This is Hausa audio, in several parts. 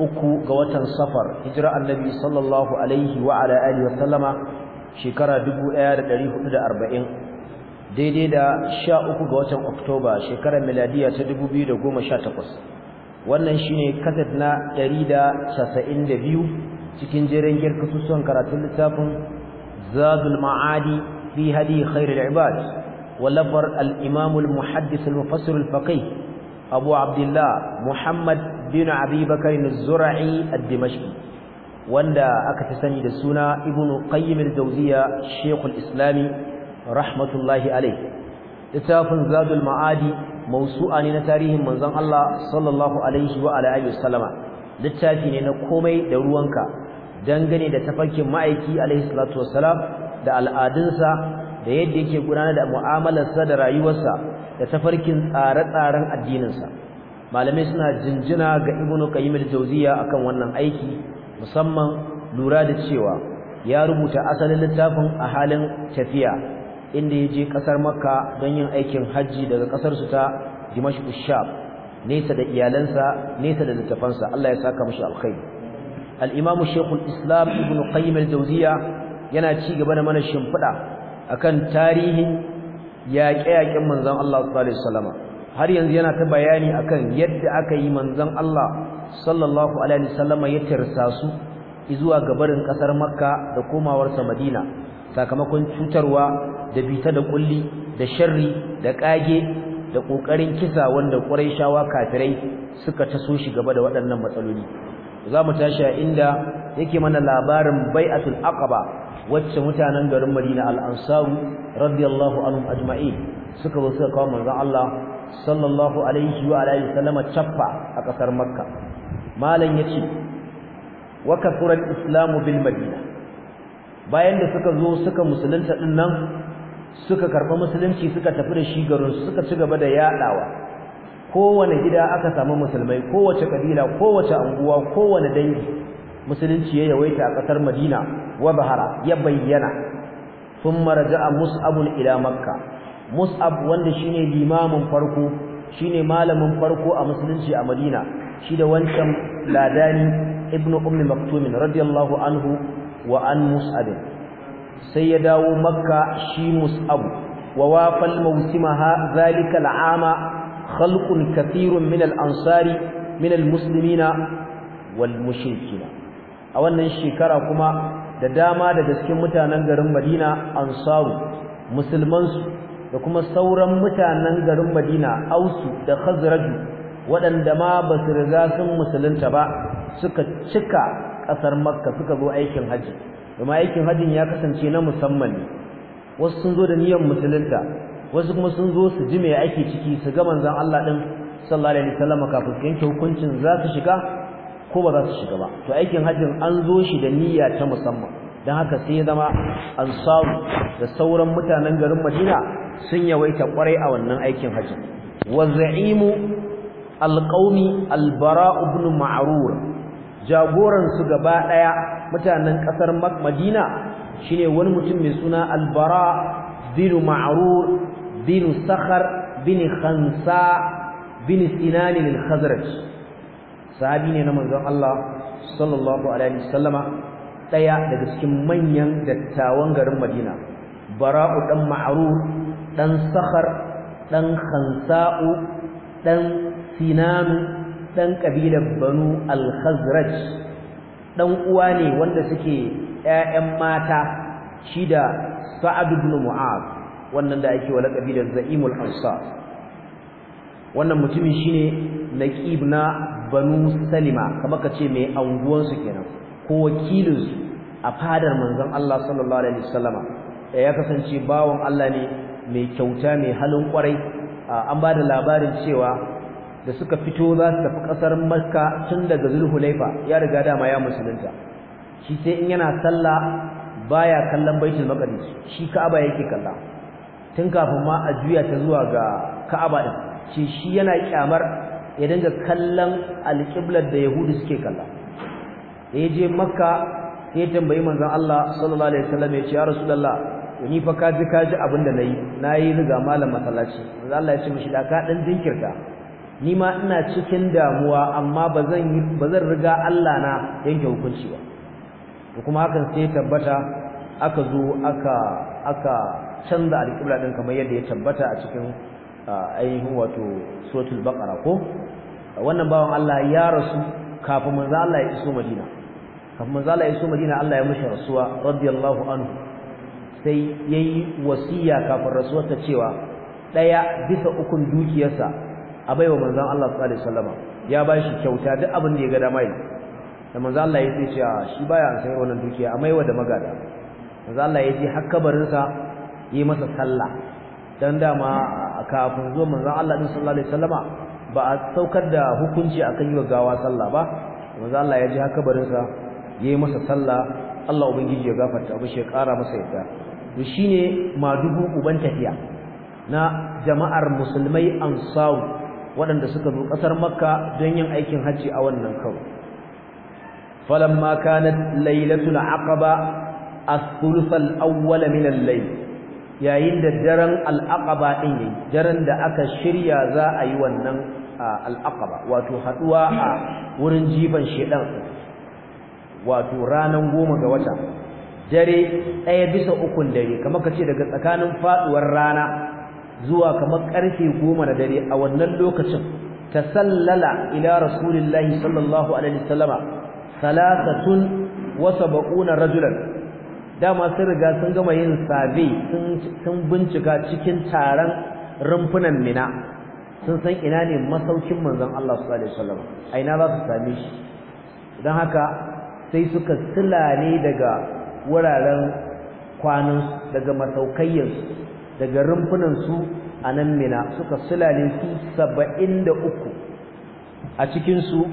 uku ga watan safar hijira annabi sallallahu alaihi wa ala alihi wa sallama shekara 1440 daidai da sha uku ga watan oktoba shekarar miladiya ta 2018 wannan shine kasad na 192 cikin jerin girkasusun karatun littafin zadul ma'adi fi hadi khairul ibad wallafar al-imam al-muhaddis al-mufassir al-faqih abu abdullah muhammad bin abi bakr az-zur'i ad-dimashqi wanda aka fi sani da suna ibn qayyim al-jawziya shaykh islam rahmatullahi alayh littafin zadul ma'adi mawsu'a ne na tarihin manzon Allah sallallahu alaihi wa alihi wasallama littafi ne na komai da ruwanka dangane da tafarkin ma'aiki alaihi salatu wassalam da al'adunsa da yadda yake gudanar da mu'amalarsa da rayuwarsa da tafarkin tsare-tsaren addininsa malamai suna jinjina ga ibnu qayyim al akan wannan aiki musamman lura da cewa ya rubuta asalin littafin a halin tafiya inda yaje kasar makka don yin aikin haji daga kasar su ta dimashq sham nesa da iyalansa nesa da littafansa Allah ya saka mishi alkhairi al-imam shaykh al-islam ibnu qayyim al yana ci gaba da mana shimfida akan tarihin yaƙe-yaƙen manzon Allah sallallahu alaihi wasallam har yanzu yana ta bayani akan yadda aka yi manzon Allah sallallahu alaihi wasallama ya tirsa su zuwa gabarin kasar Makka da komawarsa Madina sakamakon cutarwa da bita da kulli da sharri da kage da kokarin kisa wanda shawa kafirai suka taso shi gaba da waɗannan matsaloli zamu tashi a inda yake mana labarin bai'atul aqaba wacce mutanen garin Madina al-Ansaru radiyallahu anhum ajma'in suka zo suka kawo manzon Allah sallallahu alaihi wa alihi sallama chaffa a kasar makka malam yace wa kathura islamu bil madina bayan da suka zo suka musulunta din nan suka karba musulunci suka tafi da shi garin suka ci gaba da yadawa kowane gida aka samu musulmai kowace kabila kowace anguwa kowane dangi musulunci ya yawaita a kasar madina wa bahara ya bayyana thumma raja'a mus'ab ila makkah mus'ab wanda shine limamin farko shine malamin farko a musulunci a madina shi da wancan ladani ibnu ummi maktumin radiyallahu anhu wa an mus'ab sai ya dawo makka shi mus'ab wa wafal mawsimaha zalika al'ama خلق ansari من الأنصار من wal والمشركين a wannan shekara kuma da dama daga cikin mutanen garin Madina ansaru musulmansu da kuma sauran mutanen garin Madina Ausu da Khazraj waɗanda ma basu su riga sun musulunta ba suka cika ƙasar Makka suka zo aikin haji kuma aikin hajin ya kasance na musamman ne wasu sun zo da niyyar musulunta wasu kuma sun zo su ji me ake ciki su ga manzon Allah din sallallahu alaihi wasallam kafin yanke hukuncin za su shiga ko ba za su shiga ba to aikin hajin an zo shi da niyya ta musamman dan haka sai ya zama ansar da sauran mutanen garin madina sun yawaita kwarai a wannan aikin hajji wa za'imu alqaumi albara ibn ma'rur jagoran su gaba daya mutanen kasar madina shine wani mutum mai suna albara bin ma'rur bin sakhar bin khansa bin sinan al-khazraj sahabi ne na manzon Allah sallallahu alaihi wasallama ɗaya daga cikin manyan dattawan garin Madina Bara'u Ɗan Ma'ruf Ɗan Sakhar dan Khansa'u Ɗan Sinan dan kabilar Banu Alhazraj, ɗan uwa ne wanda suke ƴaƴan mata shi da Sa'ad ibn Mu'adh wannan da ake wala kabilar Za'imul Ansar wannan mutumin shine Naqib na Banu Salima kamar kace mai anguwansu kenan ko wakilinsu a fadar manzon Allah sallallahu alaihi wasallama eh, ya kasance bawon Allah ne mai kyauta mai halin kwarai ah, an ba da labarin cewa da suka fito za su tafi kasar Makka tun daga Zulhulaifa ya riga dama ya musulunta shi sai in yana sallah baya kallon Baitul Maqdis shi Ka'aba yake kalla tun kafin ma a juya ta zuwa ga Ka'aba din shi shi yana kyamar ya dinga kallon alƙiblar da Yahudu suke kalla ya je Makka sai tambayi manzon Allah sallallahu alaihi wasallam ya ce ya rasulullah ni fa ka ji ka ji abin da nayi nayi riga malam masallaci manzon Allah ya ce mishi da ka dan jinkirta ni ma ina cikin damuwa amma bazan bazan riga Allah na yanke hukunci ba to kuma hakan sai ya tabbata aka zo aka aka canza alƙibla din kamar yadda ya tabbata a cikin ainihin wato suratul baqara ko wannan bawan Allah ya rasu kafin manzo Allah ya iso Madina kamar zala ya so madina Allah ya mushi rasuwa radiyallahu anhu sai yayi wasiya kafin rasuwa ta cewa daya bisa ukun dukiyarsa a baiwa manzon Allah sallallahu alaihi wasallam ya bashi kyauta duk abin da ya ga dama yi da manzon Allah ya ce cewa shi baya san yawan wannan dukiya a maiwa da magada manzon Allah ya ji har kabarin sa yi masa sallah dan dama kafin zuwa manzon Allah sallallahu alaihi wasallama ba a saukar da hukunci akan yi wa gawa sallah ba manzon Allah ya ji har kabarin sa Yi masa sallah Allah ubangiji ya gafarta shi ya ƙara masa yadda to shine dubu uban tafiya na jama'ar musulmai ansaru waɗanda suka zo ƙasar makka don yin aikin hajji a wannan kawo falamma kanat na aqaba as-thuluth al-awwal min al-layl yayin da daren al-aqaba din yayi daren da aka shirya za a yi wannan al-aqaba wato haɗuwa a wurin jifan shedan wato ranan goma ga wata dare ɗaya bisa ukun dare kamar ka ce daga tsakanin faɗuwar rana zuwa kamar ƙarfe goma na dare a wannan lokacin ta sallala ila rasulillahi sallallahu alaihi wasallama salatatun wasa baƙuna rajulan dama sun riga sun gama yin sabi sun bincika cikin taron rumfunan mina sun san ina ne masaukin manzon Allah sallallahu alaihi A aina za su same shi don haka sai suka silale daga wuraren kwanan daga masaukayyarsu daga rumfunansu a nan mina suka silale su saba'in da uku a cikinsu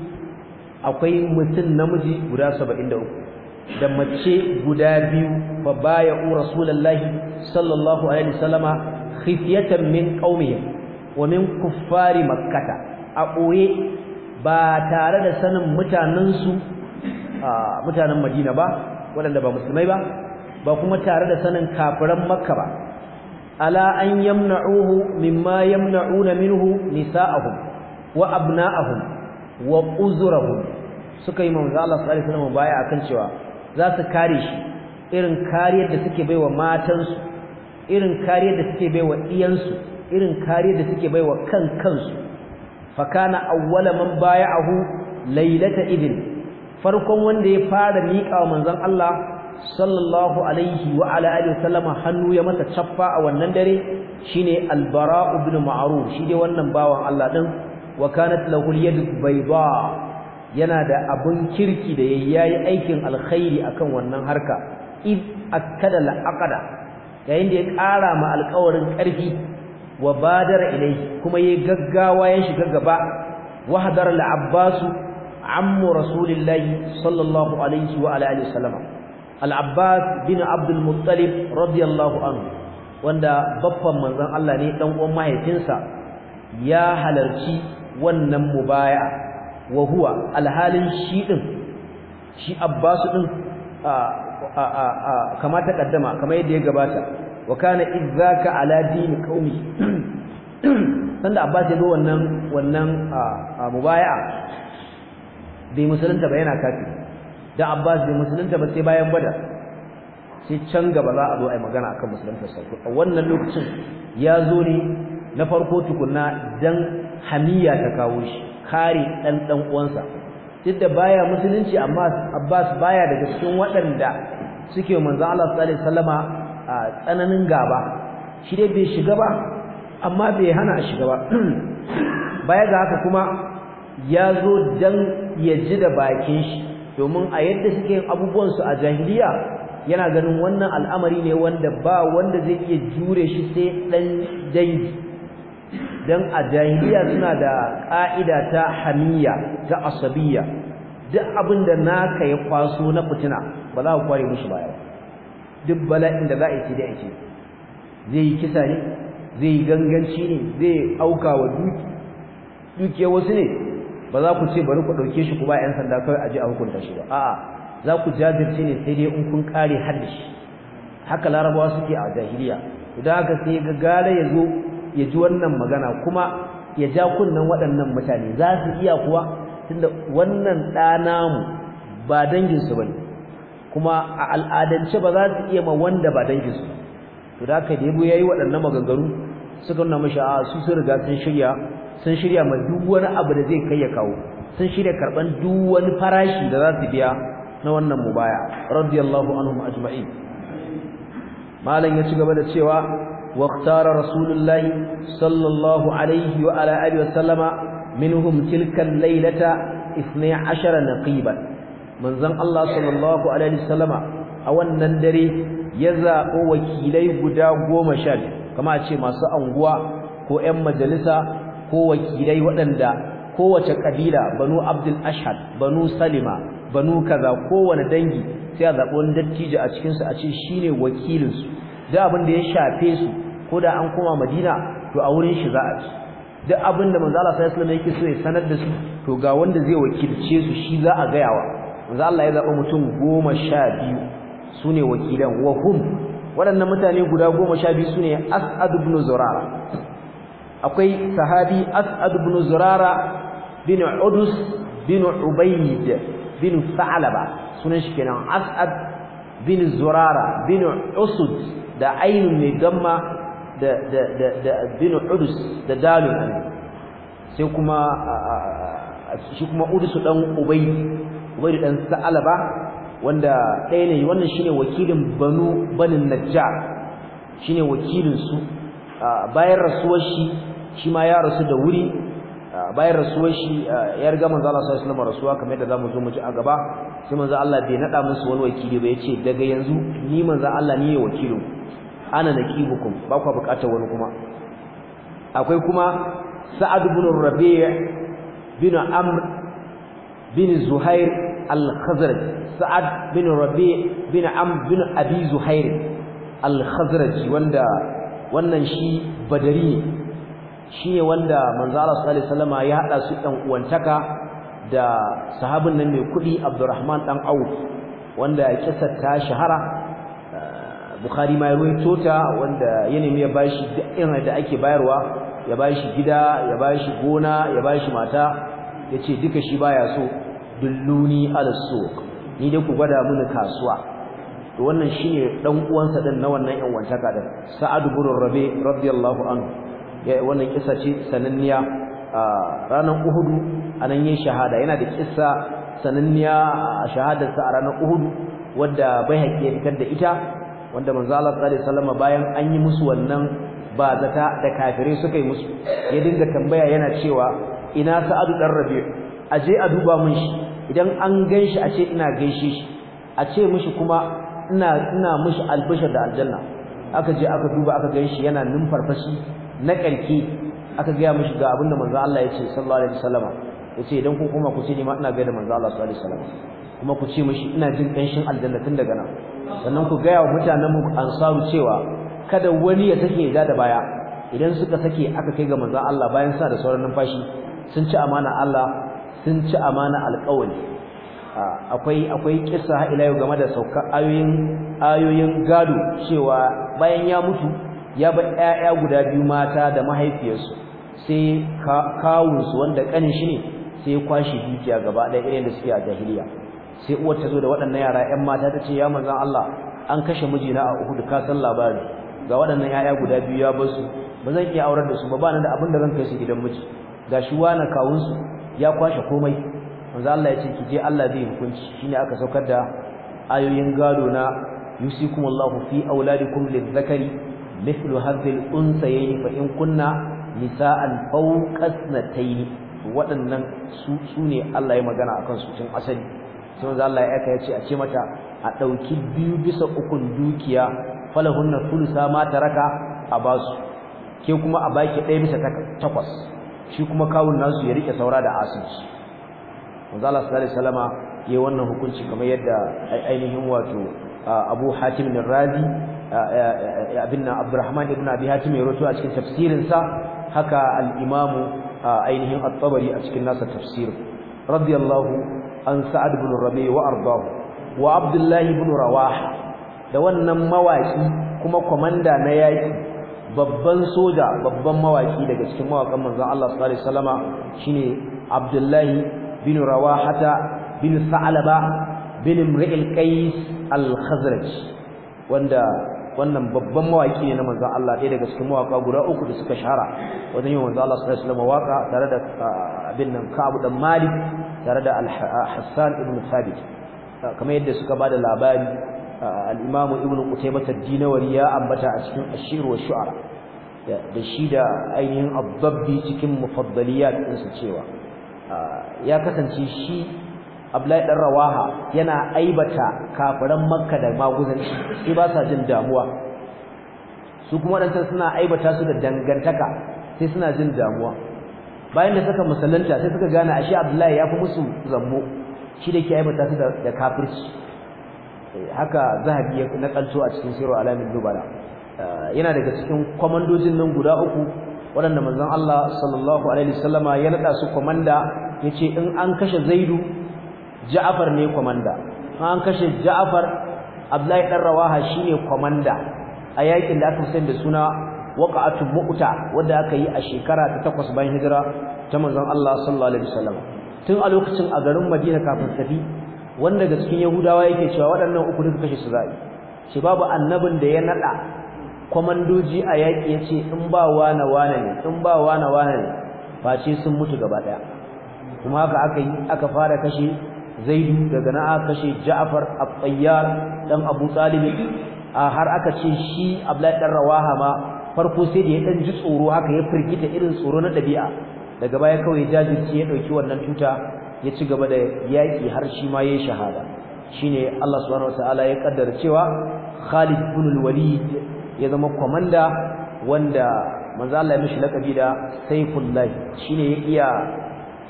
akwai mutum namiji guda saba'in da uku da mace guda biyu ba baya u rasulullahi sallallahu alaihi salama khifyatan min ƙaumiyar wa min kuffari makkata a ɓoye ba tare da sanin mutanensu. mutanen Madina ba waɗanda ba musulmai ba ba kuma tare da sanin kafiran Makka ba ala an yamna'uhu mimma yamna'una minhu nisa'ahum wa abna'ahum wa uzurahum suka yi manzo Allah sallallahu alaihi wasallam baya akan cewa za su kare shi irin kariyar da suke baiwa matansu irin kariyar da suke baiwa iyansu irin kariyar da suke baiwa kan kansu kana awwala man baya'ahu laylata idin farkon wanda ya fara miƙa wa manzon Allah sallallahu alaihi wa ala alihi hannu ya mata caffa a wannan dare shine albara ibn ma'ruf shi dai wannan bawan Allah din wa kanat lahu yadu bayda yana da abun kirki da yayi aikin alkhairi akan wannan harka id akkada alaqada yayin da ya ƙara ma alƙawarin ƙarfi wa badara ilai kuma yayi gaggawa ya shiga gaba wa hadara al-abbasu ammu rasulillahi sallallahu alaihi wa alihi wasallam bin abdul muttalib radiyallahu anhu wanda babban manzon Allah ne dan uwan mahaifinsa ya halarci wannan mubaya wa huwa alhalin shi din shi abbas din kama ta kaddama yadda ya gabata wa kana idzaka ala dini qaumi sanda abbas ya ga wannan wannan mubaya'a bai musulunta ba yana kafi da Abbas bai musulunta ba sai bayan bada sai can gaba za a zo a yi magana akan musulunta sarki a wannan lokacin ya zo ne na farko tukunna dan hamiya ta kawo shi kare dan dan uwansa duk da baya musulunci amma Abbas baya daga cikin waɗanda suke manzo Allah sallallahu alaihi wasallama a tsananin gaba shi dai bai shiga ba amma bai hana a shiga ba baya ga haka kuma ya zo dan ya ji da bakin shi domin a yadda suke abubuwansu abubuwan su a jahiliya yana ganin wannan al'amari ne wanda ba wanda zai iya jure shi sai dan dangi dan a jahiliya suna da ka'ida ta hamiya ta asabiyya duk abin da naka ya kwaso na fitina ba za ku kware mishi baya duk bala'in da za a yi sai dai zai yi kisa ne zai yi ganganci ne zai auka wa wasu ne ba za ku ce bari ku ɗauke shi ku ba 'yan sanda kai a a hukunta shi ba a'a za ku jajirce ne sai dai in kun kare hadda shi haka larabawa suke a jahiliya idan aka sai ga gare ya zo ya ji wannan magana kuma ya ja kunnan waɗannan mutane za su iya kuwa tunda wannan ɗa namu ba danginsu ba ne kuma a al'adance ba za su iya ma wanda ba danginsu to da haka da yabo ya yi waɗannan maganganu suka nuna mashi a su sun riga sun shirya sun shirya ma duk wani abu da zai kai ya kawo sun shirya karban duk wani farashi da za su biya na wannan mubaya radiyallahu anhum ajma'in malam ya ci gaba da cewa wa ikhtara rasulullahi sallallahu alaihi wa ala alihi wa sallama minhum tilka Lailata lailata 12 naqiban manzon Allah sallallahu alaihi wa sallama a wannan dare ya zaɓo wakilai guda goma sha kama a ce masu anguwa ko 'yan majalisa ko wakilai waɗanda kowace kabila banu abdul ashad banu salima banu kaza kowane dangi sai a zaɓi wani dattijo a cikin su a ce shine wakilin su duk abin da ya shafe su ko da an koma madina to a wurin shi za a ci duk abin da manzo Allah sallallahu alaihi yake so ya sanar da su to ga wanda zai wakilce su shi za a gayawa manzo Allah ya zaba mutum goma sha biyu sune wakilan wa hum waɗannan mutane guda goma sha biyu sune As'ad ibn Zurara akwai sahabi as'ad ibn zurara bin udus bin ubayd bin sa'laba sunan shi kenan as'ad bin zurara bin usud da ainun mai gamma da da da da bin udus da dalun sai kuma shi kuma udus dan ubayd ubayd dan sa'laba wanda ɗaya ne wannan shine wakilin banu banin najjar shine wakilin su bayan rasuwar shi shi ma ya rasu da wuri bayan rasuwar shi ya riga manzo Allah sallallahu alaihi wasallam rasuwa kamar yadda zamu zo mu ji a gaba sai manzo Allah bai nada musu wani wakili ba yace daga yanzu ni manzo Allah ne wakilin ana naqibukum ba ku bukatar wani kuma akwai kuma Sa'ad ibn Rabi' bin Amr bin Zuhair al-Khazraj Sa'ad bin Rabi' bin Amr bin Abi Zuhair al-Khazraj wanda wannan shi badari ne shine wanda manzara Allah sallallahu alaihi ya hada su dan uwantaka da sahabin nan mai kuɗi, Abdurrahman dan Auf wanda kisar ta shahara eh, Bukhari mai ruwa tota wanda ya nemi ya bashi irin da ake bayarwa ya bashi gida ya bashi gona ya bashi mata yace duka shi baya so dulluni ala suq ni dai ku gwada mini kasuwa to wannan shine dan uwansa din na wannan yan wantaka din Sa'ad ibn Rabi radiyallahu anhu wannan kissa ce sananniya ranar uhudu anan yin shahada yana da kisa sananniya a shahadarsa a ranar uhudu wadda bai haƙi ya fitar da ita wanda manzo Allah sallallahu alaihi bayan an yi musu wannan ba zata da kafirai suka yi musu ya dinga tambaya yana cewa ina sa'adu dan rabi' aje a duba mun shi idan an ganshi a ce ina gaishe shi a ce mishi kuma ina ina mishi da aljanna aka je aka duba aka ganshi yana numfarfashi na karki aka gaya mishi ga abinda manzo Allah ya ce sallallahu alaihi wasallama yace idan ku kuma ku ce ni ma ina gaida manzo Allah sallallahu alaihi wasallama kuma ku ce ina jin kanshin aljanna tun daga nan sannan ku gaya wa mutanen mu ansaru cewa kada wani ya sake ya da baya idan suka sake aka kai ga manzo Allah bayan sa da sauran numfashi sun ci amana Allah sun ci amana alƙawari akwai akwai kissa ha ila yau game da sauka ayoyin ayoyin gado cewa bayan ya mutu ya bar ƴaƴa guda biyu mata da mahaifiyarsu sai kawunsu wanda kanin shi ne sai ya kwashi dukiya gaba ɗaya irin da suke a jahiliya sai uwar ta zo da waɗannan yara 'yan mata ta ce ya mazan Allah an kashe mijina a Uhud ka san labari ga waɗannan ƴaƴa guda biyu ya bar su ba zan iya aurar da su ba ba da abin da zan kai su gidan miji ga shi wani kawunsu ya kwashe komai manzon Allah ya ce ki je Allah zai hukunci shi ne aka saukar da ayoyin gado na yusikumullahu fi auladikum lizzakari مثل هذه الانثيين فان كنا نساء فوق اثنتين waɗannan su ne Allah ya magana akan su tun asali sai za Allah ya aika ya ce a ce mata a ɗauki biyu bisa ukun dukiya falahunna thulutha ma taraka a basu ke kuma a baki ɗaya bisa takwas shi kuma kawun nasu ya rike saura da asinci manzo Allah sallallahu alaihi wasallama yayi wannan hukunci kamar yadda ainihin wato Abu Hatim bin Razi abin nan Abdurrahman ibn Abi Hatim ya rawaito a cikin tafsirin sa haka al-Imam ainihin At-Tabari a cikin nasa tafsir radiyallahu an Sa'ad ibn Rabi wa ardahu wa Abdullah ibn Rawah da wannan mawaki kuma komanda na yaki babban soja babban mawaki daga cikin mawakan manzon Allah sallallahu alaihi wasallama shine Abdullah bin Rawahata bin Sa'alaba bin Imril Qais al-Khazraj wanda wannan babban mawaki ne na manzon Allah ɗaya daga cikin mawaka guda uku da suka shahara wajen yin manzon Allah sallallahu alaihi wasallam waka tare da ah, abin nan Ka'ab dan Malik tare da ah, Hassan ibn Thabit ah, kamar yadda suka bada labari al-Imam Ibn Qutaybah ad-Dinawari ya ambata a cikin Ashir wa Shu'ara da shi da ainihin abdabbi cikin mufaddaliyat su cewa ya kasance shi Abdullahi dan Rawaha yana aibata kafiran Makka da maguzanci sai ba sa jin damuwa su kuma wadannan suna aibata su da dangantaka sai suna jin damuwa bayan da suka musallanta sai suka gane ashe Abdullahi ya fi musu zammo shi da ke aibata su da kafirci haka zahabi ya nakalto a cikin sirru alamin dubara eh, yana daga cikin komandojin nan guda uku waɗanda manzon Allah sallallahu alaihi wasallama ya nada su komanda yace in an kashe Zaidu Ja'far ne komanda an kashe Ja'far Abdullahi dan Rawaha shine komanda a yakin da aka san da suna waqa'atul mu'ta wanda aka yi a shekara ta 8 bayan hijira ta manzon Allah sallallahu alaihi wasallam tun a lokacin a garin Madina kafin safi wanda ga cikin Yahudawa yake cewa waɗannan uku duka kashe su za'i shi babu annabin da ya nada komandoji a yaƙi yace in ba wana wana ne in ba wana wana ne face sun mutu gaba daya kuma haka aka yi aka fara kashe zaidu daga na aka kashe ja'afar at-tayyar dan abu a har aka ce shi abdullahi dan rawaha ma farko sai da ya dan ji tsoro haka ya firgita irin tsoro na dabi'a daga baya kawai jajirce ya dauki wannan tuta ya ci gaba da yaki har shi ma yayin shahada shine Allah subhanahu wataala ya kaddara cewa Khalid ibn al-Walid ya zama komanda wanda manzo Allah ya mishi lakabi da Saifullah shine ya iya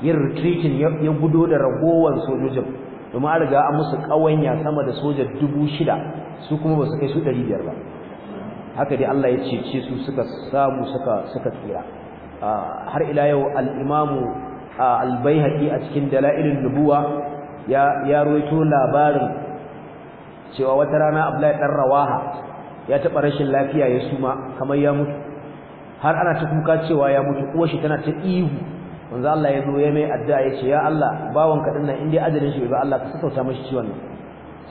yin retreating ya gudo da ragowar sojojin domin an riga an musu ƙawanya sama da soja dubu shida su kuma ba su kai su ɗari biyar ba haka dai Allah ya cece su suka samu suka suka tsira ah, har ila yau al-imamu ah, al-baihaqi a cikin dalailin nubuwa ya ya ruwaito labarin cewa wata rana Abdullahi dan Rawaha ya taɓa rashin lafiya ya suma kamar ya mutu har ana ta kuka cewa ya mutu uwar shi tana ta ihu manzo Allah ya zo ya mai addu'a ya ce ya Allah bawon ka dinnan in dai ajalin shi ba Allah ka sassauta mashi ciwon nan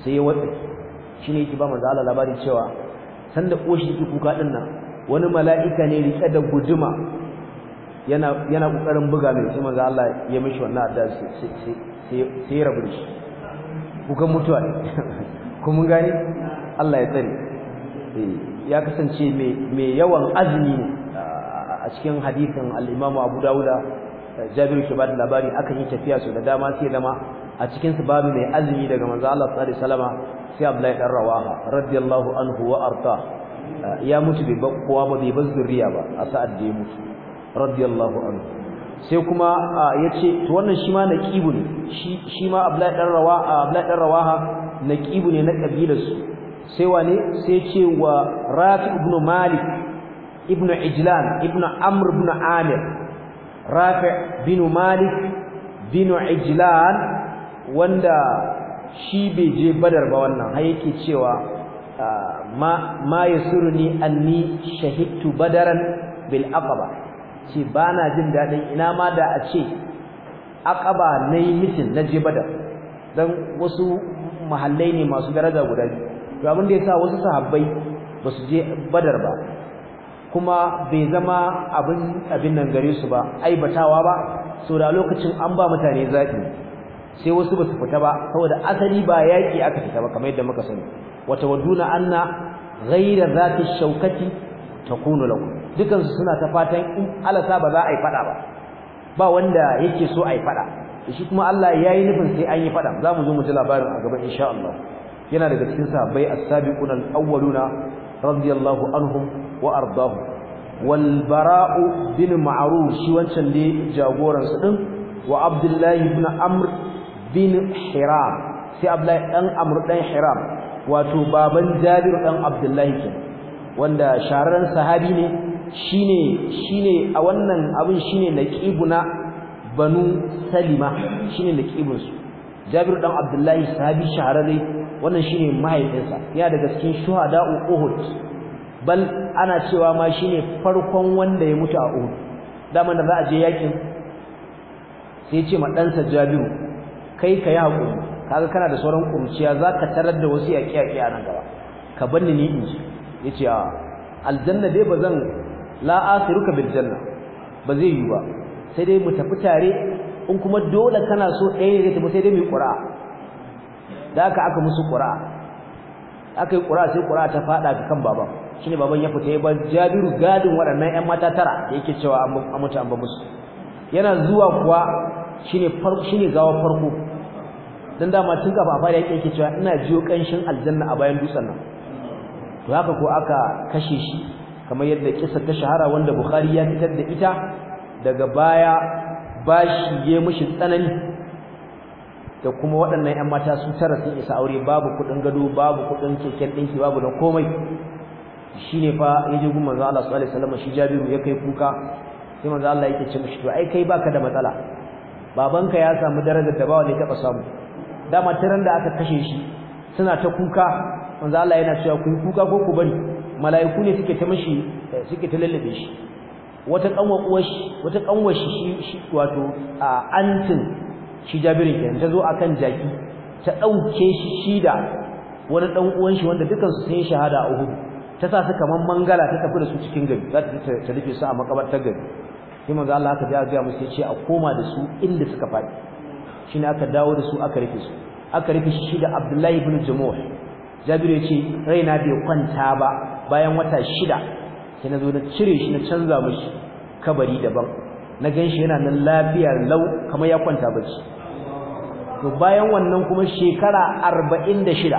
sai ya ne shine yake ba manzo Allah labari cewa sanda koshi yake kuka dinnan wani mala'ika ne rike da guduma yana yana kokarin buga mai sai manzo Allah ya mishi wannan addu'a sai sai ya rabu shi kukan mutuwa ne kuma gani Allah ya tsare eh, ya kasance mai yawan azumi ne a cikin hadisin al-Imam Abu Dawud jabiru ke bada labari akan yi tafiya su da dama sai zama a cikin su babu mai azumi daga manzo Allah sallallahu alaihi wasallam sai Abdullahi dan Rawaha radiyallahu anhu wa arda eh, ya mutu bai kowa ba bai bar zuriya ba a sa'ad da ya mutu radiyallahu anhu sai kuma yace to wannan shi ma naqibu ne shi shi ma Abdullahi dan Rawaha Abdullahi dan Rawaha naqibu ne na kabilar su sai wane sai ce wa Rafi ibn Malik ibn Ijlan ibn Amr ibn Amir rafi' bin malik bin عجلان wanda shi bai je badar ba wannan har yake cewa ah, ma ma yasurni anni shahidtu badaran bil aqaba ce bana jin dadin ina ma da a ce aqaba nayi mitin na je badar dan wasu mahallai ne masu daraja guda biyu to abin da yasa wasu sahabbai basu je badar ba kuma bai zama abin abin nan gare su ba batawa ba so da lokacin an ba mutane zaki sai wasu ba su fita ba saboda asali ba yaki aka fita ba kamar yadda muka sani wata waduna anna ghayra zati shaukati takunu lahu dukan su suna ta fatan in alasa ba za a yi fada ba ba wanda yake so a yi fada shi kuma Allah ya yi nufin sai an yi fada mu zo mu ji labarin a gaban insha Allah yana daga cikin sahabbai as sabiqun al-awwaluna radiyallahu anhum wa ardahu wal bara'u bin ma'ruf shi wancan ne jagoran su din wa abdullahi ibn amr bin hiram sai abdullahi dan amr dan hiram wato baban jabir dan abdullahi ke wanda shahararren sahabi ne shine shine a wannan abin shine naqibuna banu salima shine naqibun su jabir dan abdullahi sahabi shahararre wannan shine mahaifinsa ya daga cikin shuhada'u uhud bal ana cewa ma shine farkon wanda ya mutu a Uhud daman da za a je yakin sai ya ce ma dan sa Jabiru kai ka yi hakuri kaga kana da sauran kurciya zaka tarar da wasu yaki yaki a nan gaba ka banni ni in yace a aljanna dai bazan la asiruka bil janna ba zai yi ba sai dai mu tafi tare in kuma dole kana so ɗaya ne tafi sai dai mu qur'a da aka aka musu qur'a aka yi qur'a sai qur'a ta fada ga kan baban shine baban ya fita ya bar Jabiru gadin waɗannan ƴan mata tara da yake cewa a mutu an ba musu yana zuwa kuwa shine farko shine gawa farko dan dama tun kafa fara yake yake cewa ina jiyo kanshin aljanna a bayan dutsen nan to haka ko aka kashe shi kamar yadda kisa ta shahara wanda Bukhari ya fitar da ita daga baya bashi ya mishi tsanani da kuma waɗannan ƴan mata su tara sun isa aure babu kuɗin gado babu kuɗin keken ɗinki babu na komai Shi ne fa ya je gun manzo Allah sallallahu alaihi wasallam shi Jabiru ya kai kuka sai manzo Allah yake ce mishi to ai kai baka da matsala babanka ya samu darajar da bawa ne taba samu dama tiran da aka kashe shi suna ta kuka manzo Allah yana cewa ku kuka ko ku bari mala'iku ne suke ta mishi eh, suke ta lallabe shi wata kanwa uwar shi wata kanwa shi shi wato a antin shi Jabiru kenan ta zo akan jaki ta dauke shi shida wani dan uwan shi wanda sun yi shahada a Uhud ta sa su kaman mangala ta tafi da su cikin gari za ta ta rufe su a makabartar gari sai manzo Allah aka ga ga musu ce a koma da su inda suka shi shine aka dawo da su aka rufe su aka rufe shi da Abdullahi ibn Jumuh Jabiru yace raina bai kwanta ba bayan wata shida sai na zo na cire shi na canza mishi kabari daban na ganshi yana nan lafiya lau kamar ya kwanta bacci to bayan wannan kuma shekara 46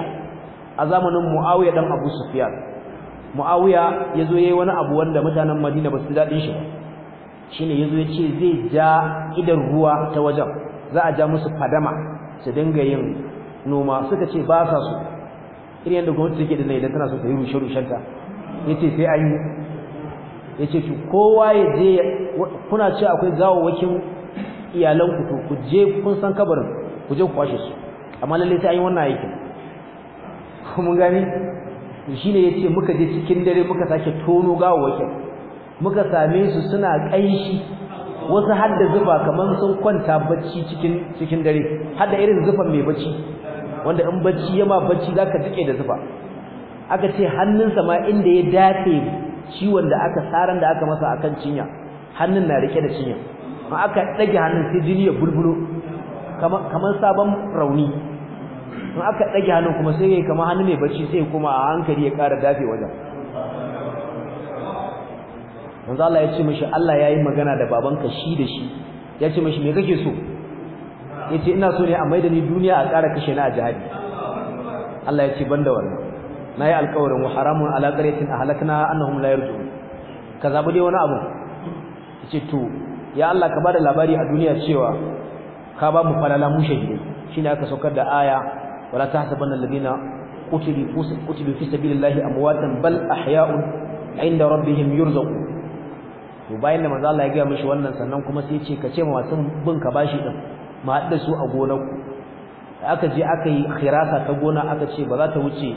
a zamanin Muawiya dan Abu Sufyan muawiya yazo yayi wani abu wanda mutanen madina ba su dadin shi ba shine yazo ya ce zai ja idan ruwa ta wajen za a ja musu fadama su dinga yin noma suka ce ba sa su irin yanda gwamnati take da idan tana so ta yi rushe rushenta yace sai an yi yace ku kowa ya je kuna ce akwai gawawakin iyalan ku to ku je kun san kabarin ku je ku kwashe su amma lalle sai an yi wannan aikin mun gani to shine yace muka je cikin dare muka sake tono gawawakin muka same su suna kaishi wasu har da zufa kaman sun kwanta bacci cikin cikin dare har irin zufan mai bacci wanda in bacci yama bacci zaka tike da zufa aka ce hannunsa ma inda ya dace ciwon da aka saran da aka masa akan cinya hannun na rike da cinya ma aka dage hannun sai jini ya bulbulo kaman sabon rauni in aka ɗage hannun kuma sai yayi kamar hannu mai bacci sai kuma a hankali ya ƙara dafe wajen manzo Allah ya ce mishi Allah yayi magana da babanka shi da shi ya ce mishi me kake so yace ina so ne a maida ni duniya a ƙara kashe na a jihadi Allah ya ce banda wannan nayi alƙawarin wa haramun ala qaryatin ahlakna annahum la yarji'un ka zaɓi dai wani abu yace to ya Allah ka bada labari a duniya cewa ka ba mu falala mu shahidai shine aka saukar da aya wala tahsabanna alladhina qutilu qutilu fi sabilillahi amwatan bal ahya'un 'inda rabbihim yurzaqun to bayan da manzo Allah ya ga mishi wannan sannan kuma sai ya ka ce ma wasu bin ka bashi din ma haɗa su a gonarku da aka je aka yi khirasa ta gona aka ce ba za ta wuce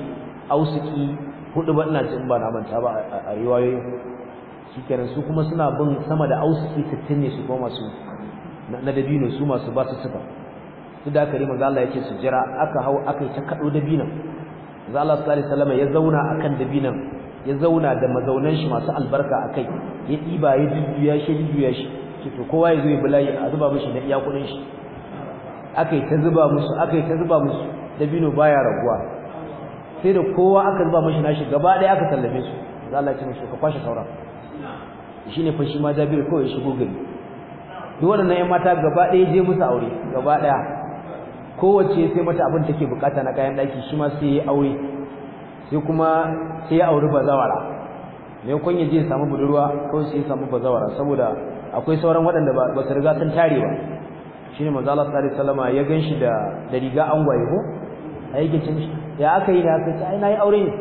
ausiki hudu ba ina jin ba na manta ba a riwayoyin shikenan su kuma suna bin sama da ausiki 60 ne su kuma masu na dabino su masu ba su sifa duk da yi manzo Allah yake su jira aka hau aka yi ta kado dabinan manzo Allah sallallahu alaihi wasallam ya zauna akan dabinan ya zauna da mazaunan shi masu albarka akai ya diba ya jujjuya shi jujjuya shi to kowa ya zo ya bulayi a zuba mishi da iya kudin shi akai ta zuba musu akai ta zuba musu dabino baya raguwa sai da kowa aka zuba mishi nashi gaba ɗaya aka sallame su manzo Allah ya ce mishi ka kwashe sauran shine fa shi ma Jabir kawai shigo gari duk waɗannan ƴan mata gaba ɗaya je musu aure gaba ɗaya kowace sai mata abin take bukata na kayan daki shi ma sai ya aure sai kuma sai ya auri bazawara ne kun yaje ya samu budurwa ko sai ya samu bazawara saboda akwai sauran waɗanda ba su riga sun tare ba shine manzo Allah sallallahu alaihi wasallam ya ganshi da da riga angwaye ko ai yake cin ya aka yi da aka ce ai nayi aure ne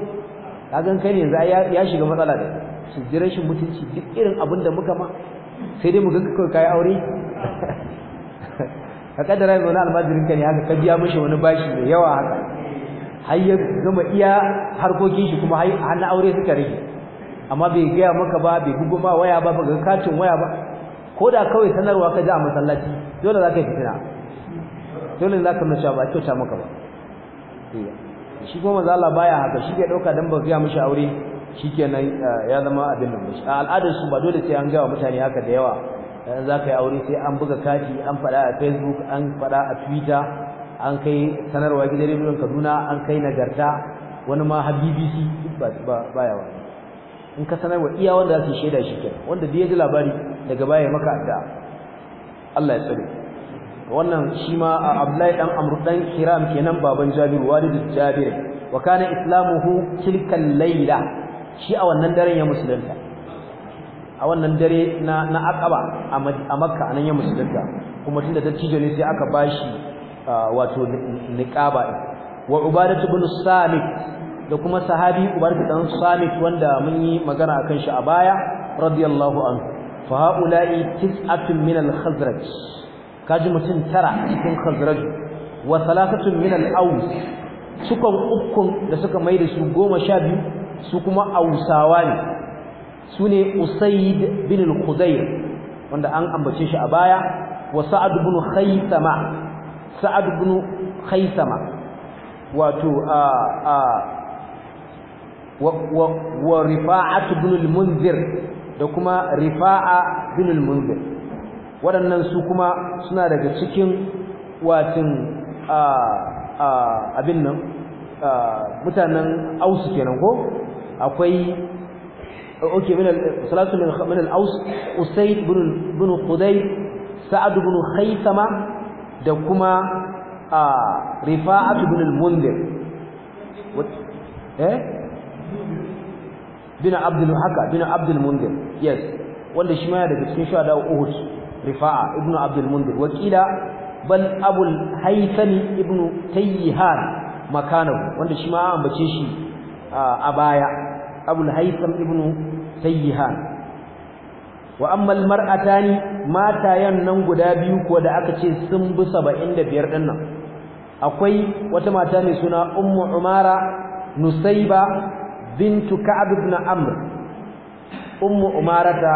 ka gan kai yanzu ya shiga matsala da su ji rashin mutunci duk irin abin da muka ma sai dai mu ga kai aure ka kaddara zaune almajirin ka ne haka ka biya mishi wani bashi mai yawa haka har ya gama iya harkokin shi kuma har na aure suka rage amma bai gaya maka ba bai bugu ba waya ba ga katin waya ba ko da kawai sanarwa ka ji a masallaci dole za ka yi fitina dole za ka nasha ba a kyauta maka ba eh, shi kuma manzo Allah baya haka shi ke dauka dan ba ga mishi aure shikenan eh, ya zama abin da nan a al'adar su ba dole sai an ga mutane haka da yawa dan eh, za ka yi aure sai an buga kati an faɗa a facebook an faɗa a twitter an kai sanarwa gidan rediyon kaduna an kai nagarta wani ma har bbc ba ya wani in ka sanarwa iya wanda za su shaida shi kenan wanda da ya ji labari daga baya maka addu'a Allah ya tsare wannan shi ma a Abdullahi dan amru dan Kiram kenan baban Jabir walidu Jabir wa kana islamuhu tilkal layla shi a wannan daren ya musulunta a wannan dare na na Aqaba a Makka anan ya musulunta kuma tunda dattijo ne sai aka bashi ah, wato niqaba wa Ubadatu ibn Samit da kuma sahabi Ubadatu dan Samit wanda mun yi magana akan shi a baya radiyallahu anhu fa haula'i tis'atun min al-khazraj kaji mutun tara cikin khazraj wa thalathatun min al-aws sukan ukkun da suka maida su biyu? su kuma ausawa ne sune usayd bin al-khudayr wanda an ambace shi a baya wa sa'ad ibn khaythama sa'ad ibn khaythama wato a a wa rifa'at ibn al-munzir da kuma rifa'a bin al-munzir waɗannan su kuma suna daga cikin watin a a abin nan mutanen ausu kenan ko akwai اوكي من ثلاثه من الاوس اسيد بن بن خدير سعد بن خيثمه da kuma rifa'at ibn al bin abdul haka bin abdul mundir yes wanda shi ma daga cikin shuhada uhud rifa'a ibn abdul mundir wakila bal abul haythami ibn tayyihan makanahu wanda shi ma an shi a baya abul haytham ibn sayyiha wa amma almar'atani matayen nan guda biyu ko da aka ce sun bi 75 din nan akwai wata mata mai suna ummu umara nusayba bintu ka'ab ibn amr ummu ta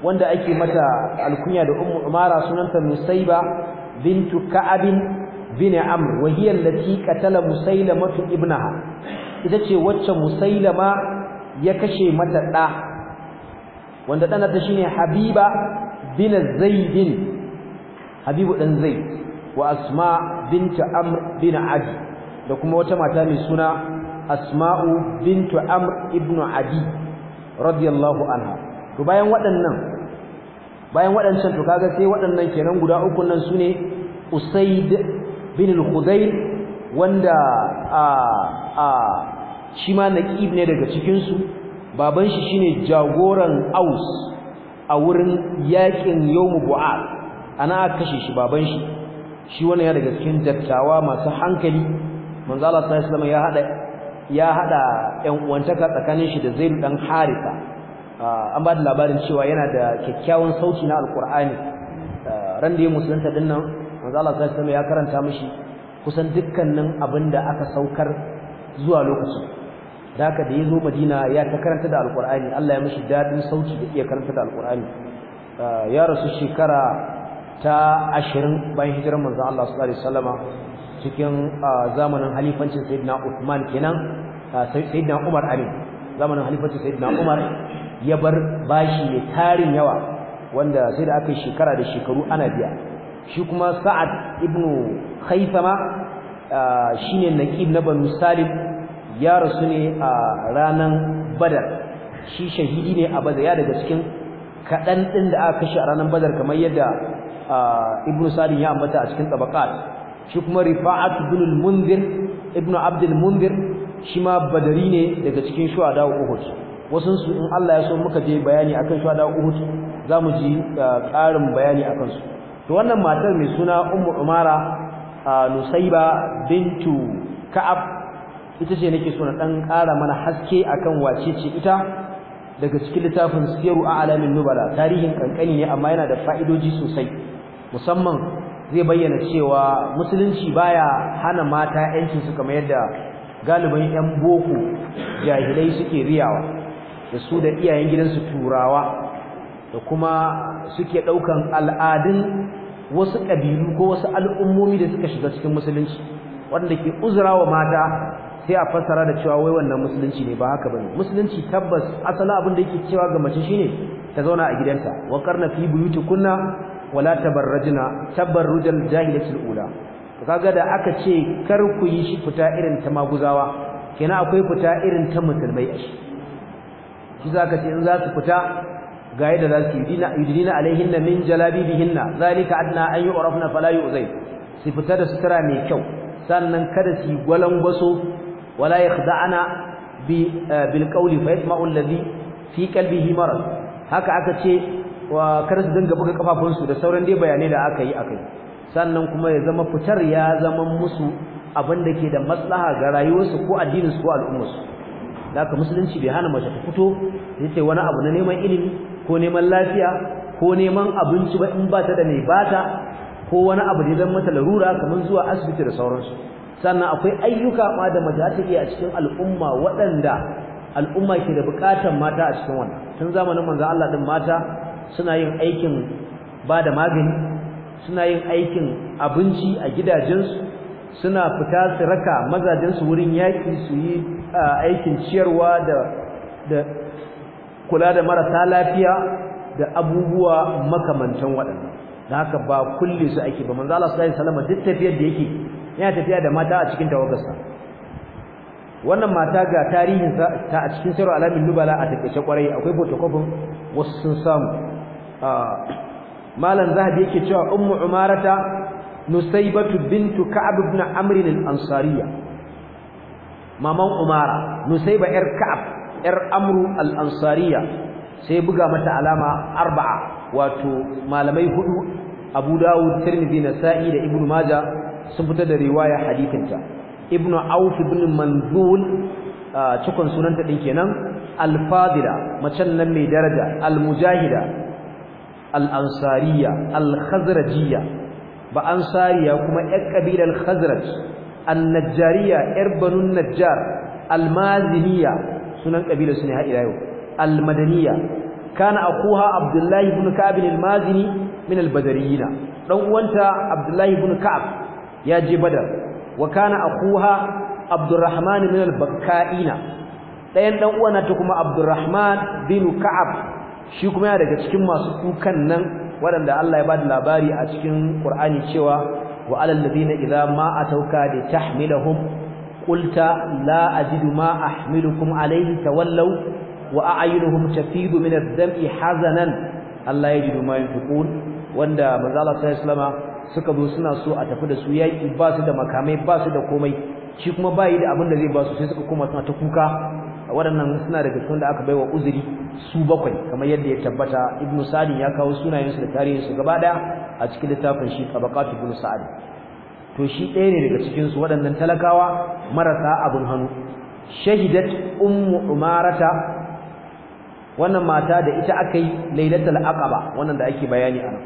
wanda ake mata alkunya da ummu umara sunanta nusayba bintu ka'ab bin amr wa hiya allati qatala musailama ibnaha ita ce wacce musailama ya kashe mata ɗa wanda dana ta shine habiba bin zaid habibu dan zaid wa asma binta amr bin adi da kuma wata mata mai suna asma'u bint amr ibnu adi radiyallahu anha to bayan waɗannan bayan waɗancan to kaga sai waɗannan kenan guda uku nan sune usaid bin al-khudayr wanda a a shi ma naqib ne daga cikinsu su baban shi shine jagoran aus a wurin yakin yawmu bu'al ana kashe shi baban shi shi wannan ya daga cikin dattawa masu hankali manzo Allah sallallahu alaihi ya hada ya hada ƴan uwantaka tsakanin shi da Zaid ɗan Haritha ah, an ba da labarin cewa yana da kyakkyawan sauti na alqur'ani ah, ran da ya musulunta dinnan manzo Allah sallallahu alaihi ya karanta mashi kusan dukkanin abin da aka saukar zuwa lokacin da da ya zo madina ya ta karanta da alkur'ani allah ya mashi daɗin sauci da iya karanta da alkur'ani ah, ya rasu shekara ta ashirin bayan hijirar manzo allah sallallahu alaihi wasallama cikin ah, zamanin halifancin sayyidina uthman kenan ah, sayyidina umar amin zamanin halifancin sayyidina umar ya bar bashi mai tarin yawa wanda sai da aka yi shekara da shekaru ana biya shi kuma sa'ad ibnu khaisama shine naqib na banu salim ya rasu ne a ranar badar shi shahidi ne a badar ya daga cikin kaɗan ɗin da aka kashe a ranar badar kamar yadda Ibn sadin ya ambata a cikin tsabakar shi kuma rifa'at ibn al-munzir ibn abdul shi ma badari ne daga cikin shuhada uhud wasu su in Allah ya so muka je bayani akan shuhada uhud mu ji ƙarin bayani akan su to wannan matar mai suna ummu umara nusaiba bintu ka'ab ita ce nake so na dan ƙara mana haske akan wace ce ita daga cikin littafin Siyaru A'lamin Nubala tarihin kankani ne amma yana da fa'idoji sosai musamman zai bayyana cewa musulunci baya hana mata yancin su kamar yadda galibin yan boko jahilai suke riyawa da su da iyayen gidansu turawa da kuma suke ɗaukan al'adun wasu kabilu ko wasu al'ummomi da suka shiga cikin musulunci wanda ke uzura wa mata sai a fassara da cewa wai wannan musulunci ne ba haka bane musulunci tabbas asali abin da yake cewa ga mace shine ta zauna a gidanta wa qarna fi buyutikunna wala tabarrajna tabarrujal jahilatul ula kaga da aka ce kar ku yi shi fita irin ta maguzawa kenan akwai fita irin ta musulmai ashi shi zaka ce in za su fita ga yadda za su yi yudina alaihinna min jalabibihinna zalika adna an yu'rafna fala yu'zay su fita da sutura mai kyau sannan kada su yi gwalangwaso ولا يخدعنا بالقول فيسمع الذي في قلبه مرض haka aka ce wa kar su dinga buga su da sauran dai bayanai da aka yi akai sannan kuma ya zama fitar ya zama musu abin da ke da maslaha ga rayuwarsu ko addininsu ko al'ummarsu da haka musulunci bai hana mace ta fito yace wani abu na neman ilimi ko neman lafiya ko neman abinci ba in ba ta da mai bata ko wani abu da zan mata larura kamar zuwa asibiti da sauransu sannan akwai ayyuka ma da mace ta yi a cikin al'umma waɗanda al'umma ke da buƙatar mata a cikin wannan tun zamanin manzo Allah din mata suna yin aikin ba da magani suna yin aikin abinci a gidajensu suna fita su raka mazajensu wurin yaƙi su yi aikin ciyarwa da kula da marasa lafiya da abubuwa makamantan waɗanda da haka ba kulle su ake ba manzo Allah sallallahu alaihi wasallam duk tafiyar da yake yana tafiya da mata a cikin tawagarsa wannan mata ga tarihin ta a cikin sirru alamin lubala a takeice kwarai akwai photocopy wasu sun samu ah, malam zahabi yake cewa ummu umarata nusaybatu bintu ka'ab ibn amr al-ansariya maman umara nusayba yar ka'ab yar amru al-ansariya sai buga mata alama arba'a wato malamai hudu abu dawud tirmidhi nasa'i da ibnu majah sun fitar da riwaya hadithinta Ibnu auf ibn manzul cikon sunanta din kenan al-fadila macen nan mai daraja al-mujahida al-ansariya al-khazrajiyya ba ansariya kuma yar kabilar khazraj an-najjariya yar banun najjar al-maziniya sunan kabilar su ne har yau al-madaniya kana akuha abdullahi ibn ka'b al-mazini min al-badariyina dan uwanta abdullahi ibn ka'b ya je badar wa kana akuha abdurrahman min al-bakkaina dayan dan uwana ta kuma abdurrahman bin ka'ab shi kuma yana daga cikin masu kukan nan waɗanda Allah ya ba da labari a cikin Qur'ani cewa wa alal ladina idza ma atauka li tahmilahum qulta la ajidu ma ahmilukum alayhi tawallaw wa a'yunuhum tafidu min adh dam'i hazanan Allah yajidu ma yunfiqun wanda manzo Allah sallallahu alaihi suka zo suna so a tafi da su yaƙi ba su da makamai ba su da komai shi kuma ba yi da abin da zai ba su sai suka koma suna ta kuka waɗannan suna daga cikin da aka baiwa uzuri su bakwai kamar yadda ya tabbata ibnu sa'd ya kawo sunayen su da tarihin su gaba ɗaya a cikin littafin shi tabaqat ibnu sa'd to shi ɗaya ne daga cikin su waɗannan talakawa marasa abin hannu shahidat ummu umarata wannan mata da ita aka yi lailatul aqaba wannan da ake bayani a nan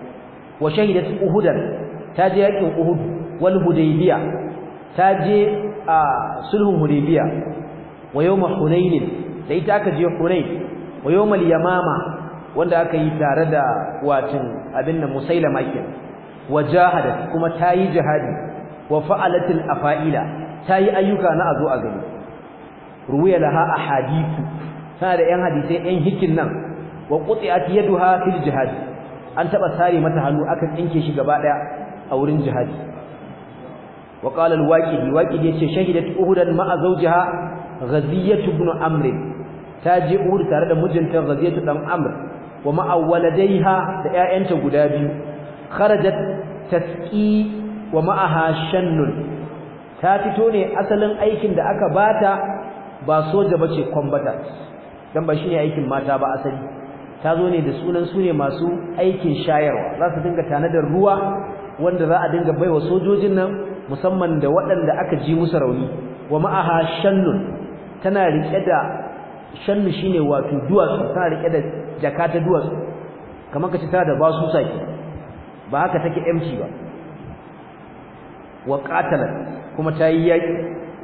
wa shahidat uhudan ta je yakin Uhud wal Hudaybiya ta je a sulhun Hudaybiya wa yawm Hunain da ita aka je Hunain wa yawm al-Yamama wanda aka yi tare da watin abin nan Musailama kin wajahadat kuma ta yi jihadi wa fa'alatil afa'ila ta yi ayyuka na azo a gani ruwaya laha ahadithu tana da yan hadisi yan hikin nan wa quti'at yaduha fil jihad an taba sare mata hannu aka tsinke shi gaba daya a wurin jihadi wa qala al-waqidi waqidi yace shahidat uhudan ma'a zawjiha ghaziyah ibn amr ta je uhud tare da mijinta gaziyatu dan amr wa ma'a waladaiha da ƴaƴanta guda biyu kharajat tasqi wa ma'a hashannun. ta fito ne asalin aikin da aka bata ba soja bace combatant dan ba shine aikin mata ba asali ta zo ne da sunan su ne masu aikin shayarwa za su dinga tanadar ruwa wanda za a dinga baiwa sojojin nan musamman da waɗanda aka ji musu rauni wa ma'aha shannun tana rike da shallu shine wato duwatsu tana rike da jaka ta duwatsu kamar kace ta da basu saki ba haka take emci ba wa qatalat kuma ta yi yaki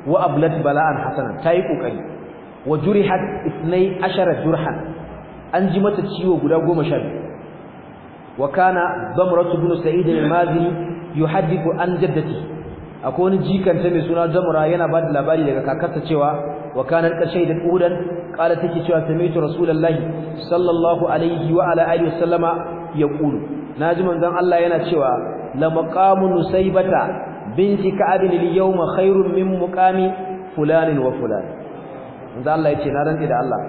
wa ablat bala'an hasana yi kokari wa jurihat 12 jurhan an ji mata ciwo guda biyu. وكان زمرة بن سعيد المازني يحدث عن جدته اكون جيكن mai suna زمرة yana ba da labari daga kakarta cewa Wakana, kana karshe da قالت تكي شو سميت رسول الله صلى الله عليه وعلى اله وسلم يقول ناجم ان الله yana cewa la bata, nusaybata binti ka'ab lil yawm khairun min muqami fulan wa fulan dan Allah yace na dan da Allah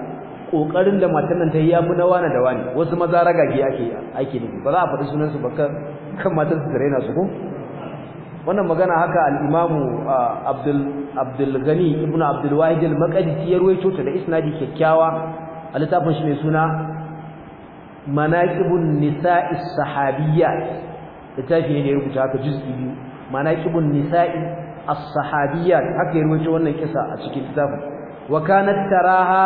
kokarin da matan nan ta yi yafi na wani da wani wasu maza ragage ake ake ne ba za a faɗi sunan su ba kan matan su raina su ko wannan magana haka al-Imam Abdul Abdul Ghani ibn Abdul Wahid al-Maqdisi ya ruwaito ta da isnadi kyakkyawa a littafin shi mai suna Manaqibun Nisa'i Sahabiyyat littafi ne ya rubuta haka juz'i biyu Manaqibun Nisa'i As-Sahabiyyat haka ya ruwaito wannan kisa a cikin littafin wa kanat taraha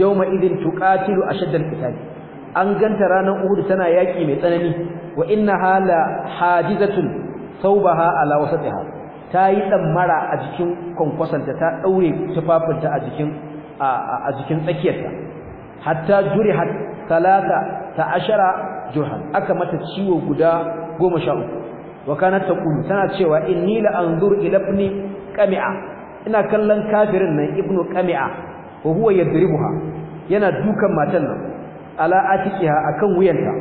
yawma idin tuqatilu ashadda al-qital an ganta ranar Uhud tana yaki mai tsanani wa inna hala hajizatun thawbaha ala wasatiha ta yi tsammara a jikin kwankwasanta ta daure tufafinta a jikin a jikin tsakiyarta hatta jurihat talata ta ashara juhan aka mata ciwo guda 13 wa kanat taqulu tana cewa inni la anzuru ila ibni qami'a ina kallon kafirin nan ibnu qami'a wa huwa yadribuha yana dukan matan nan ala atiqiha akan wuyanta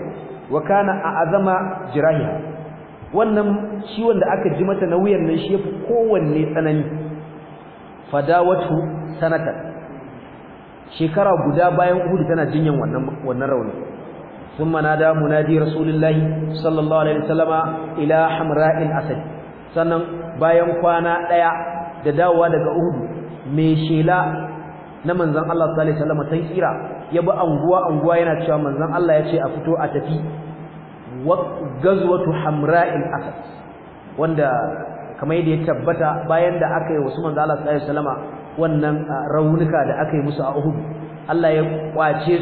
wa kana a'zama jirahiha wannan ciwon da aka ji mata na wuyan nan shi yafi kowanne tsanani fadawatu sanatan shekara guda bayan uhudu tana jinyan wannan wannan rauni ثم nada munadi rasulullahi sallallahu alaihi wasallama ila hamra'il asad sannan bayan kwana daya da dawowa daga Uhud mai shela na manzon Allah sallallahu alaihi wasallam ya bi anguwa anguwa yana cewa manzon Allah ya ce a fito a tafi wa gazwatu hamra'il asad wanda kamar yadda ya tabbata bayan da aka yi wasu manzon Allah sallallahu alaihi wasallama wannan raunuka da aka yi musu a Uhud Allah ya kwace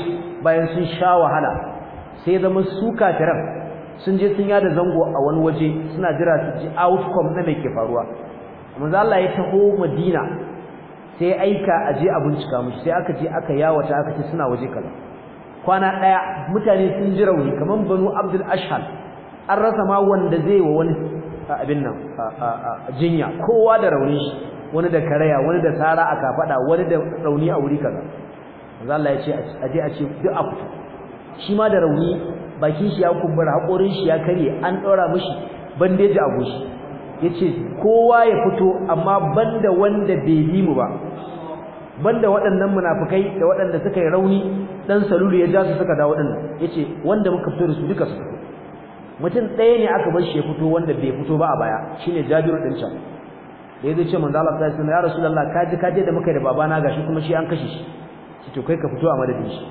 bayan sun sha wahala sai zama su kafiran sun je sun yada zango a wani waje suna jira su ji outcome na mai ke faruwa manzo Allah ya taho Madina sai aika aje a bincika mu. sai aka je aka yawata aka ce suna waje kaza kwana daya mutane sun ji rauni kaman banu Abdul Ashhal an rasa ma wanda zai wa wani abin nan jinya kowa da rauni shi wani da karaya wani da sara aka fada wani da rauni a wuri kaza manzo Allah ya ce aje a ce duk a fito shi ma da rauni bakin shi ya kumbura hakorin shi ya karye an daura mishi bandeji a goshi yace kowa ya fito amma banda wanda bai bi mu ba banda waɗannan munafikai da waɗanda suka yi rauni dan salulu ya ja su suka dawo dinnan yace wanda muka fito da su duka su mutum ɗaya ne aka bar shi ya fito wanda bai fito ba a baya shine Jabiru din can da yazo ce manzo Allah sallallahu alaihi wasallam ya rasulullah kaji kaje da muka da babana gashi kuma shi an kashe shi shi to kai ka fito a madadin shi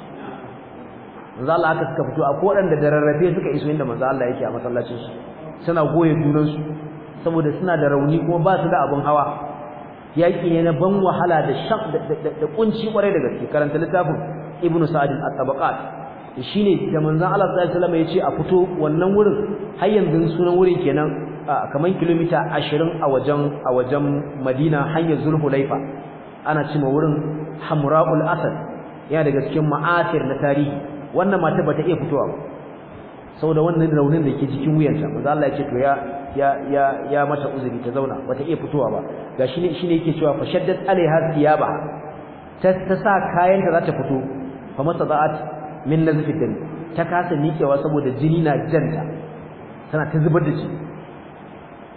manzo Allah aka suka fito a ko waɗanda da rarrafe suka iso inda manzo Allah yake a masallacin shi suna goye su. saboda suna da rauni kuma ba su da abin hawa yaki ne na ban wahala da shaq da kunci kwarai da gaske karanta littafin ibnu sa'd at-tabaqat shine da manzon Allah sallallahu alaihi wasallam ya ce a fito wannan wurin har yanzu sunan wurin kenan kaman kilomita 20 a wajen a wajen Madina hanyar Zulhulaifa ana cewa wurin Hamra'ul Asad yana daga cikin ma'asir na tarihi wannan mata ta iya fitowa ba saboda wannan raunin da ke cikin wuyanta manzo Allah ya ce to ya ya ya ya mata uzuri ta zauna bata iya fitowa ba gashi ne shine yake cewa fa shaddat alaiha thiyaba ta ta sa kayan ta za ta fito fa masada'at min nazfi dami ta kasa nikewa saboda jini na janta tana ta zubar da jini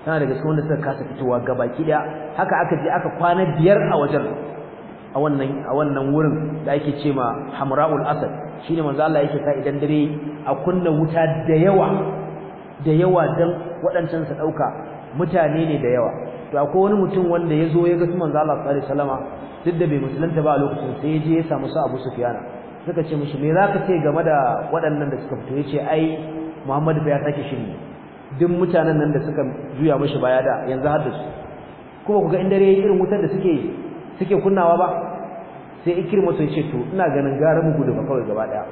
tana daga cikin wanda suka kasa fitowa gabaki daya haka aka je aka kwana biyar a wajen a wannan a wannan wurin da ake ce ma hamra'ul asad shine manzo Allah yake sa idan dare a kunna wuta da yawa da yawa dan wadancan su dauka mutane ne da yawa to akwai wani mutum wanda yazo ya ga manzo Allah sallallahu alaihi wasallama duk da bai musulunta ba a lokacin sai ya je ya samu su Abu Sufyan suka ce mushi me zaka ce game da waɗannan da suka fito yace ai Muhammad bai ya sake shiri duk mutanen nan da suka juya mishi baya da yanzu har da su kuma kuga in dare irin wutar da suke suke kunnawa ba sai ikirma sai ce to ina ganin gara mu gudu ba kawai gaba daya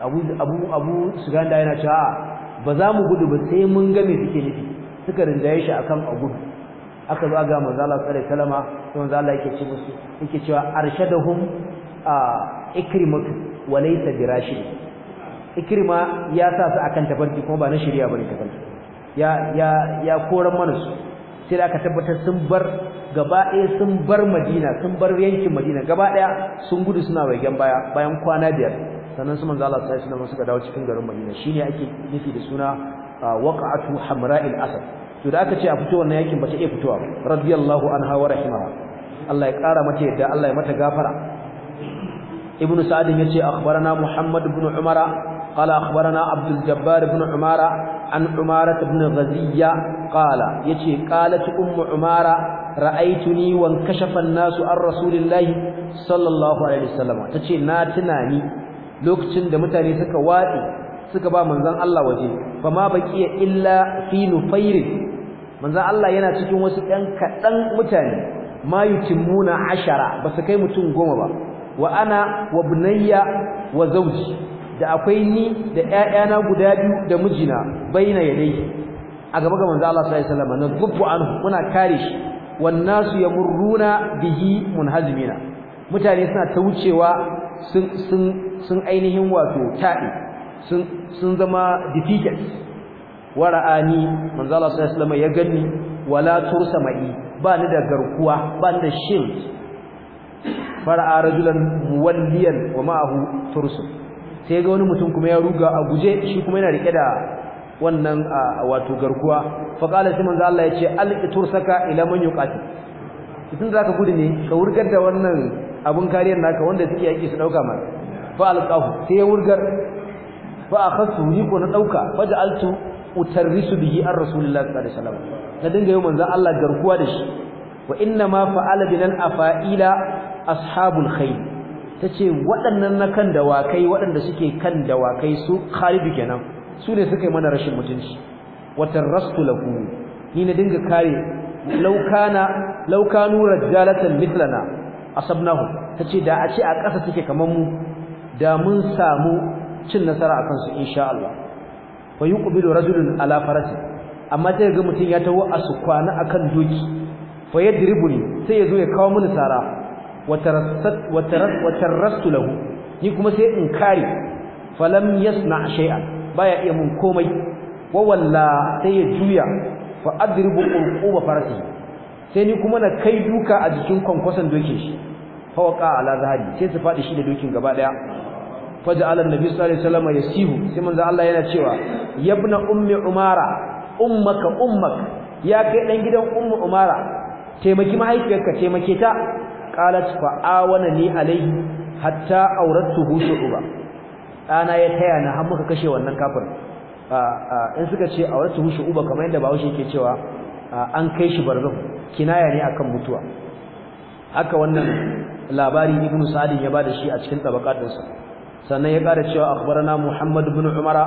abu abu abu suganda yana cewa ba za mu gudu ba sai mun ga me suke nufi suka rindaye shi akan a gudu aka zo ga manzo Allah sallallahu alaihi wasallam manzo Allah yake ce musu yake cewa arshadahum a ikrimatu wa laysa birashid ikrima ya sa su akan tafarki kuma ba na shari'a bane tafarki ya ya ya koran mana su sai aka tabbatar sun bar gaba ɗaya sun bar Madina sun bar yankin Madina gaba ɗaya sun gudu suna wagen baya bayan kwana biyar sannan su manzo Allah sallallahu alaihi wasallam suka dawo cikin garin Madina shine ake nufi da suna waqa'atu hamra'il asad to da aka ce a fito wannan yakin bata iya fitowa ba radiyallahu anha wa rahimaha Allah ya kara mata yadda Allah ya mata gafara ibnu sa'd ce akhbarana muhammad ibn umara qala akhbarana abdul jabbar ibn umara an umara ibn ghaziya qala yace qalat ummu umara ra'aytuni wa kashafa an-nasu ar rasulillahi sallallahu alaihi wasallam tace na tunani lokacin da mutane suka watsi suka ba manzon Allah waje fa ma baqiya illa fi nufair manzon Allah yana cikin wasu ɗan kaɗan mutane ma yutimmuna ashara ba su kai mutum goma ba wa ana wa bunayya wa zawji da akwai ni da ƴaƴana guda biyu da mijina baina yadai a gaba ga manzon Allah sallallahu alaihi wasallam na zubbu anhu muna kare shi wan nasu yamurruna bihi munhazimina mutane suna ta wucewa sun sun sun ainihin wato taɗi sun sun zama defeated wara'ani manzo Allah sallallahu alaihi wasallam ya ganni wala tursamai ba ni da garkuwa ba ni da shield fara'a rajulan muwalliyan wa ma'ahu tursu sai ga wani mutum kuma ya ruga a guje shi kuma yana rike da wannan wato garkuwa fa qala sai manzo Allah ya ce alqi tursaka ila man yuqatil idan zaka gudu ne ka wurgar da wannan abun kariyar naka wanda suke yaki su dauka ma fa alqahu sai ya wurgar fa akhadtu ni ko na dauka fa ja'altu utarrisu bihi ar rasulullahi sallallahu alaihi wasallam na dinga yi manzo Allah garkuwa da shi wa inna ma fa'ala binal afa'ila ashabul khayl tace waɗannan na kan dawakai waɗanda suke kan dawakai su Khalid kenan su ne suka yi mana rashin mutunci wa tarrastu lahu ni na dinga kare law kana law kanu rajalatan mithlana asabnahu tace da a ce a ƙasa take kaman mu da mun samu cin nasara akan su insha Allah fa yuqbilu rajulun ala farasi amma sai ga mutun ya tawo a sukwana akan doki fa yadribuni sai yazo ya kawo mini sara wa tarassat wa ni kuma sai in kare falam yasna shay'an baya iya mun komai wa walla sai ya juya fa adribu qurquba farasi sai ni kuma na kai duka a jikin kwankwason dokin shi fawqa ala zahari sai su fadi shi da dokin gaba daya faja'ala annabi sallallahu alaihi wasallam yasihu sai manzo Allah yana cewa yabna ummi umara ummaka ummak ya kai dan gidan ummu umara taimaki mahaifiyarka taimake ta qalat fa awana ni alaihi hatta auratu husuba dana ya taya na har muka kashe wannan kafir in suka ce auratu uba kamar yadda bawo shi yake cewa an kai shi barzahu kinaya ne akan mutuwa haka wannan labari ibnu sa'id ya bada shi a cikin tabaqat sa sannan ya kara cewa akhbarana muhammad ibn umara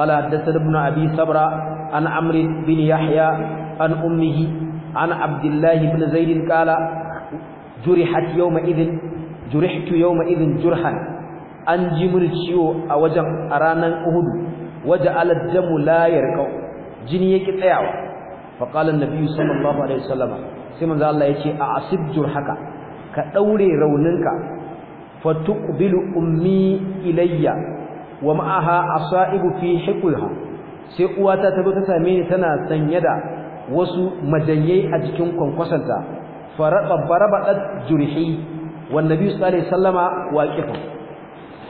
qala haddathana ibn abi sabra an amr bin yahya an ummihi an abdullah ibn zaid qala jurihat yawma idhin jurihtu yawma idhin jurhan an jimur ciwo a wajen a ranan uhud waje alad damu la yarqa jini yake tsayawa fa qala sallallahu alaihi wasallam sai manzo Allah yace a asib haka ka daure rauninka fa tuqbilu ummi ilayya wa ma'aha asaibu fi hiqulha sai uwata ta zo ta same ni tana sanye da wasu majanyai a jikin kwankwasanta faraba barabadat jurhi wan nabi sallallahu alaihi wasallama waqifun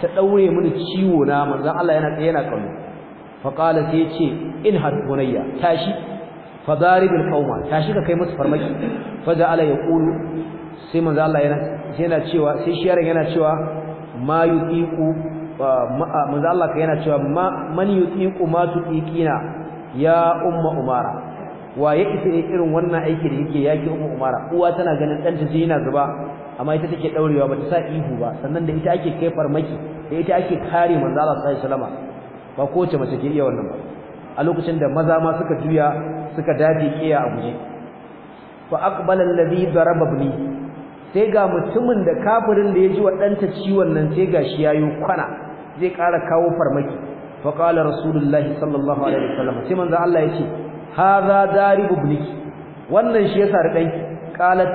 ta daure mini ciwo na Allah yana tsaye yana kallo fa qala sai yace in had bunayya tashi fadaribul qauma tashi ka kai musu farmaki faja'ala yaqulu sai manzo Allah yana yana cewa sai shi yaran yana cewa ma yuqiqu manzo Allah ka yana cewa ma man yuqiqu ma tuqiqina ya umma umara wa ya isa irin wannan aiki da yake yake umma umara uwa tana ganin dan ta yana zuba amma ita take daurewa ta sa ihu ba sannan da ita ake kai farmaki da ita ake kare manzo Allah sallallahu alaihi wasallam ba kowace mace ke iya wannan ba a lokacin da maza ma suka juya suka dafe kiya a guje fa aqbala allazi daraba ibni sai ga mutumin da kafirin da ya ji ciwon nan sai ga shi yayo kwana zai ƙara kawo farmaki fa qala rasulullahi sallallahu alaihi wasallam sai manzo Allah yace hadha daribu ibniki wannan shi yasa rikan qalat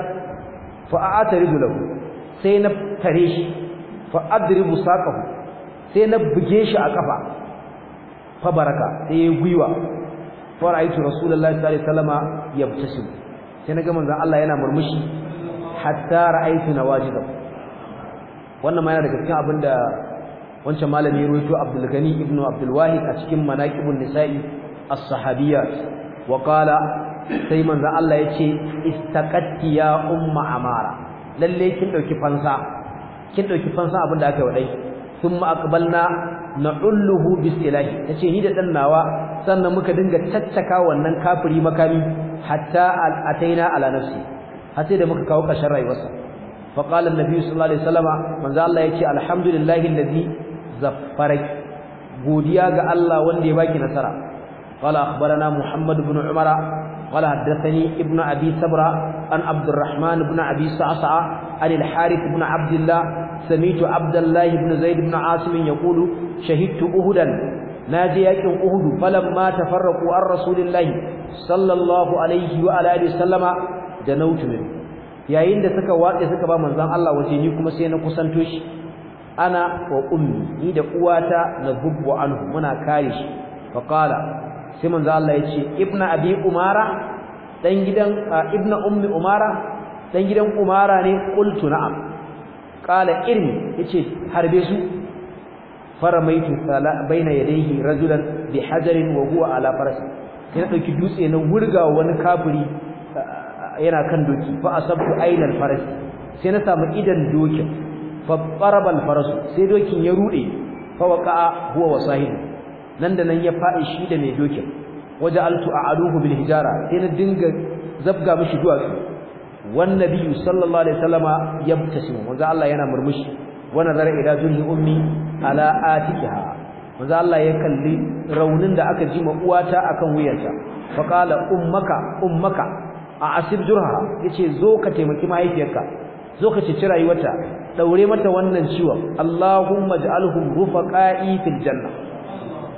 fa a'taridu lahu sai na tare shi fa adribu saqahu sai na buge shi a kafa fa baraka sai ya gwiwa fa ra'aytu rasulullahi sallallahu alaihi wasallam yabtasim sai naga manzon Allah yana murmushi hatta ra'aytu nawajidahu wannan ma yana daga cikin abinda wancan malami ruwaito Abdul Gani ibnu Abdul Wahid a cikin Manaqibun Nisa'i as-Sahabiyyat wa qala sai manzon Allah yace istaqatti ya umma amara lalle kin dauki fansa kin dauki fansa abinda aka yi wa thumma aqbalna na'ulluhu bisilahi yace ni da dan nawa sannan muka dinga tattaka wannan kafiri makami hatta ataina ala nafsi har da muka kawo kashin rayuwarsa fa qala annabi sallallahu alaihi wasallama manzo Allah yace alhamdulillahi allazi zaffarak godiya ga Allah wanda ya baki nasara qala akhbarana muhammad ibn umara قال حدثني ابن أبي سبرة عن عبد الرحمن بن أبي سعسع عن الحارث بن عبد الله سميت عبد الله بن زيد بن عاصم يقول شهدت أهدا ناجي يكن أهد فلما تفرقوا عن رسول الله صلى الله عليه وعلى آله وسلم دنوت منه yayin da suka watsa suka ba manzon Allah waje ni kuma sai na kusanto shi ana wa ummi ni da uwata na zubbu anhu muna kare shi faqala sai manzo Allah ya ce ibnu abi umara dan gidan ibnu ummi umara dan gidan umara ne qultu na'am qala irmi yace harbe su faramaitu sala baina yadayhi rajulan bi hajarin wa huwa ala farasi sai dauki dutse na wurga wani kafiri yana kan doki fa asabtu al farasi sai na samu idan dokin fa farabal farasu sai dokin ya rude fa waqa'a huwa wasahibi nan da nan ya faɗi shi da mai dokin waje altu a bil hijara sai na dinga zabga mishi duwatsu wan nabiyyu sallallahu alaihi wasallama yabtasimu manzo Allah yana murmushi wa nazara ila zulhi ummi ala atiha manzo Allah ya kalli raunin da aka ji ma uwata akan wuyarta fa qala ummaka ummaka a asib jurha yace zo ka taimaki mahaifiyarka zo ka cici rayuwarta daure mata wannan ciwon Allahumma ij'alhum rufaqa'i fil janna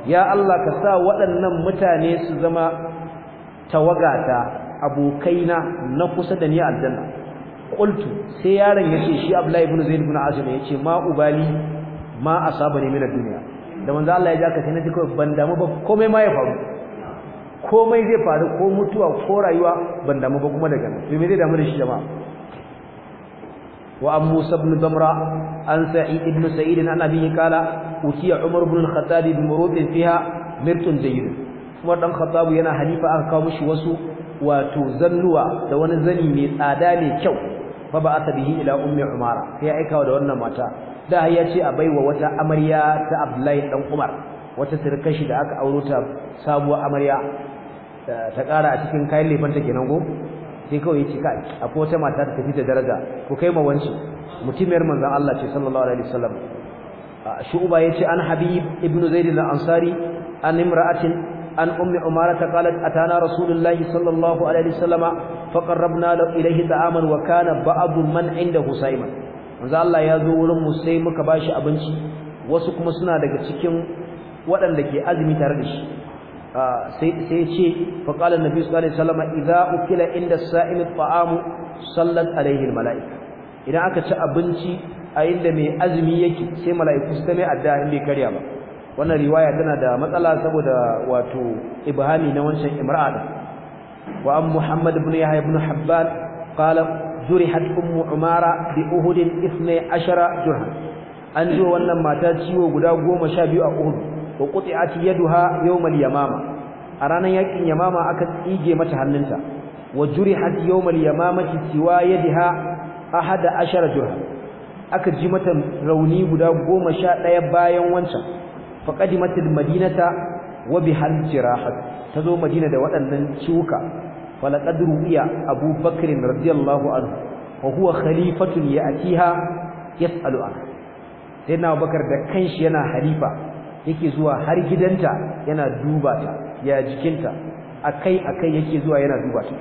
ya Allah ka sa waɗannan mutane su zama tawagata abokaina na kusa da ni aljanna qultu sai yaron yace shi Abdullahi ibn Zaid ibn Azib yace ma ubali ma asaba ne min duniya da manzo Allah ya ja ka sai na ji kawai ban damu ba komai ma ya faru komai zai faru ko mutuwa ko rayuwa ban damu ba kuma daga nan to me zai damu da shi jama'a wa an Musa ibn Zamra an Sa'id ibn Sa'id an Abi kala ukiya Umar ibn al-Khattab bi murudin fiha mirtun jayyid kuma dan Khattab yana halifa aka kawo mishi wasu wato zannuwa da wani zani mai tsada mai kyau fa ba'atha bihi ila ummi Umara sai aika da wannan mata da ya ce a baiwa wata amarya ta Abdullahi dan Umar wata sirkar shi da aka auro ta sabuwar amarya ta ƙara a cikin kayan lefanta kenan go sai kawai yace kai akwai wata mata ta tafi da daraja ko kai ma wanci mutumiyar manzon Allah ce sallallahu alaihi wasallam shu'ba yace an habib ibnu zaid al-ansari an imra'atin an ummi umara qalat atana rasulullahi sallallahu alaihi wasallama faqarrabna ilayhi ta'aman wa kana ba'du man inda husayma manzo Allah ya zo wurin mu sai muka bashi abinci wasu kuma suna daga cikin waɗanda ke azumi tare da shi sai sai ce fa qala annabi sallallahu alaihi wasallam idza ukila inda as-sa'im at-ta'amu sallat alaihi al-mala'ika idan aka ci abinci a inda mai azumi yake sai mala'iku su tame adda inda ya karya ba wannan riwaya tana da matsala saboda wato ibhami na wancan imra'a da wa an muhammad ibn yahya ibn habban qala zurihat ummu umara bi uhud 12 jurha an ji wannan mata ciwo guda 12 a uhud wa quti'at yaduha yawm al-yamama a ranar yakin yamama aka tsige mata hannunta wa jurihat yawm al yamama ciwa yadiha ahada ashara jurha aka ji mata rauni guda goma sha ɗaya bayan wancan faƙadimatul madinata wa bihal jirahat ta zo madina da waɗannan ciwuka falaƙad ruwiya abu bakirin radiyallahu anhu wa huwa khalifatun ya atiha yas'alu an sai na bakar da kanshi yana halifa yake zuwa har gidanta yana duba ta ya jikinta akai akai yake zuwa yana duba ta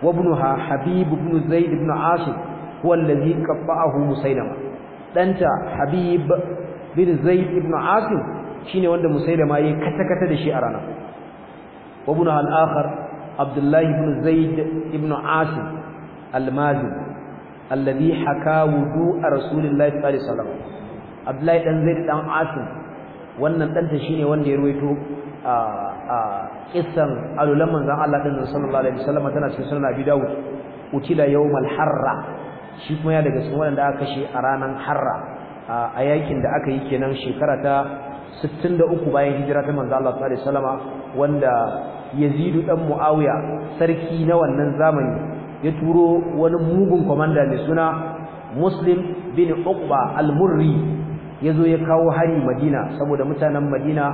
wa ibnuha habib ibn zaid ibn asif huwa allazi qatta'ahu musailama danta habib bin zaid ibn asim shine wanda musailama yayi kata kata da shi a ranar. wa ibn al-akhar abdullah ibn zaid ibn asim al-mazi alladhi haka wudu rasulullahi sallallahu alaihi wasallam abdullah dan zaid dan asim wannan danta shine wanda ya ruwaito a a kissan alulan manzon Allah din sallallahu alaihi wasallam tana cikin sunan Abi Dawud utila yawmal harra shi kuma ya daga cikin wanda aka kashe a ranar harra a yakin da aka yi kenan shekara ta 63 bayan hijira ta manzo Allah sallallahu alaihi wasallam wanda Yazid dan Muawiya sarki na wannan zamani ya turo wani mugun kwamandan mai suna Muslim bin Uqba al-Murri yazo ya kawo hari Madina saboda mutanen Madina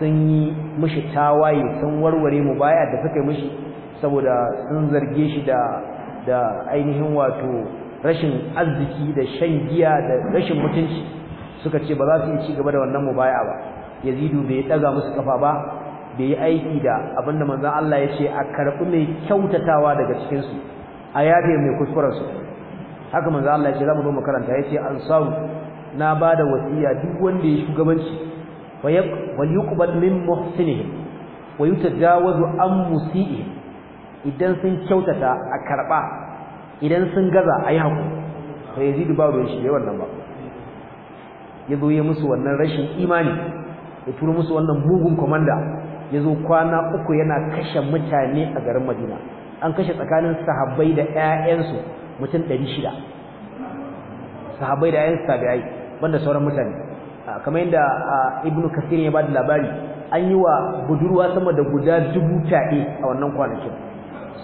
sun yi mishi tawaye sun warware mu baya da suka yi mishi saboda sun zarge shi da da ainihin wato rashin arziki da shan giya da rashin mutunci suka ce ba za su yi ci gaba da wannan mubaya ba yazidu bai daga musu kafa ba bai yi aiki da abinda manzon Allah ya ce a karbi mai kyautatawa daga cikin su a yafe mai kuskuren su haka manzon Allah ya ce zamu zo mu karanta ya ce ansaru na bada wasiya duk wanda ya shugabanci wal yuqbal min muhsinihi wa yutajawazu an musi'i idan sun kyautata a karba idan sun gaza ayi hakuri to yazidu ba ruwan shi wannan ba yazo ya musu wannan rashin imani ya turo musu wannan mugun komanda yazo kwana uku yana kashe mutane a garin Madina an kashe tsakanin sahabbai da ƴaƴansu mutum 600 sahabbai da ƴaƴansu ai banda sauran mutane kamar yadda ibnu kasir ya bada labari an yi wa budurwa sama da guda dubu a wannan kwanakin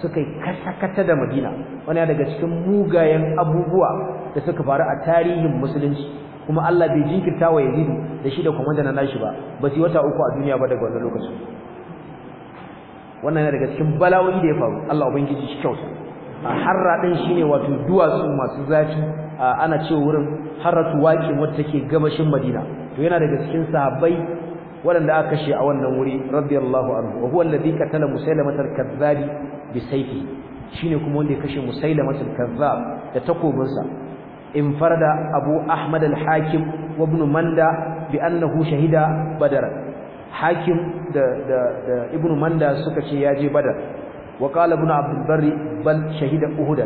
suka yi kata-kata da madina wani daga cikin mugayen abubuwa da suka faru a tarihin musulunci kuma Allah bai jinkirta wa yazidu da shi da kwamanda na nashi ba ba su wata uku a duniya ba daga wannan lokacin wannan daga cikin bala'o'i da ya faru Allah ubangiji shi kyauta a harra din shine wato duwatsu masu zafi ana ce wurin harratu waqi wacce take gamashin madina to yana daga cikin sahabbai waɗanda aka kashe a wannan wuri radiyallahu anhu wa huwa alladhi katala musailama al bisayfi shine kuma wanda ya kashe musailamatul kazzab da takobinsa in farda abu ahmad al-hakim wa ibn manda bi annahu shahida badar hakim da da, da ibn manda suka ce ya je badar wa qala ibn abd barri bal shahida uhud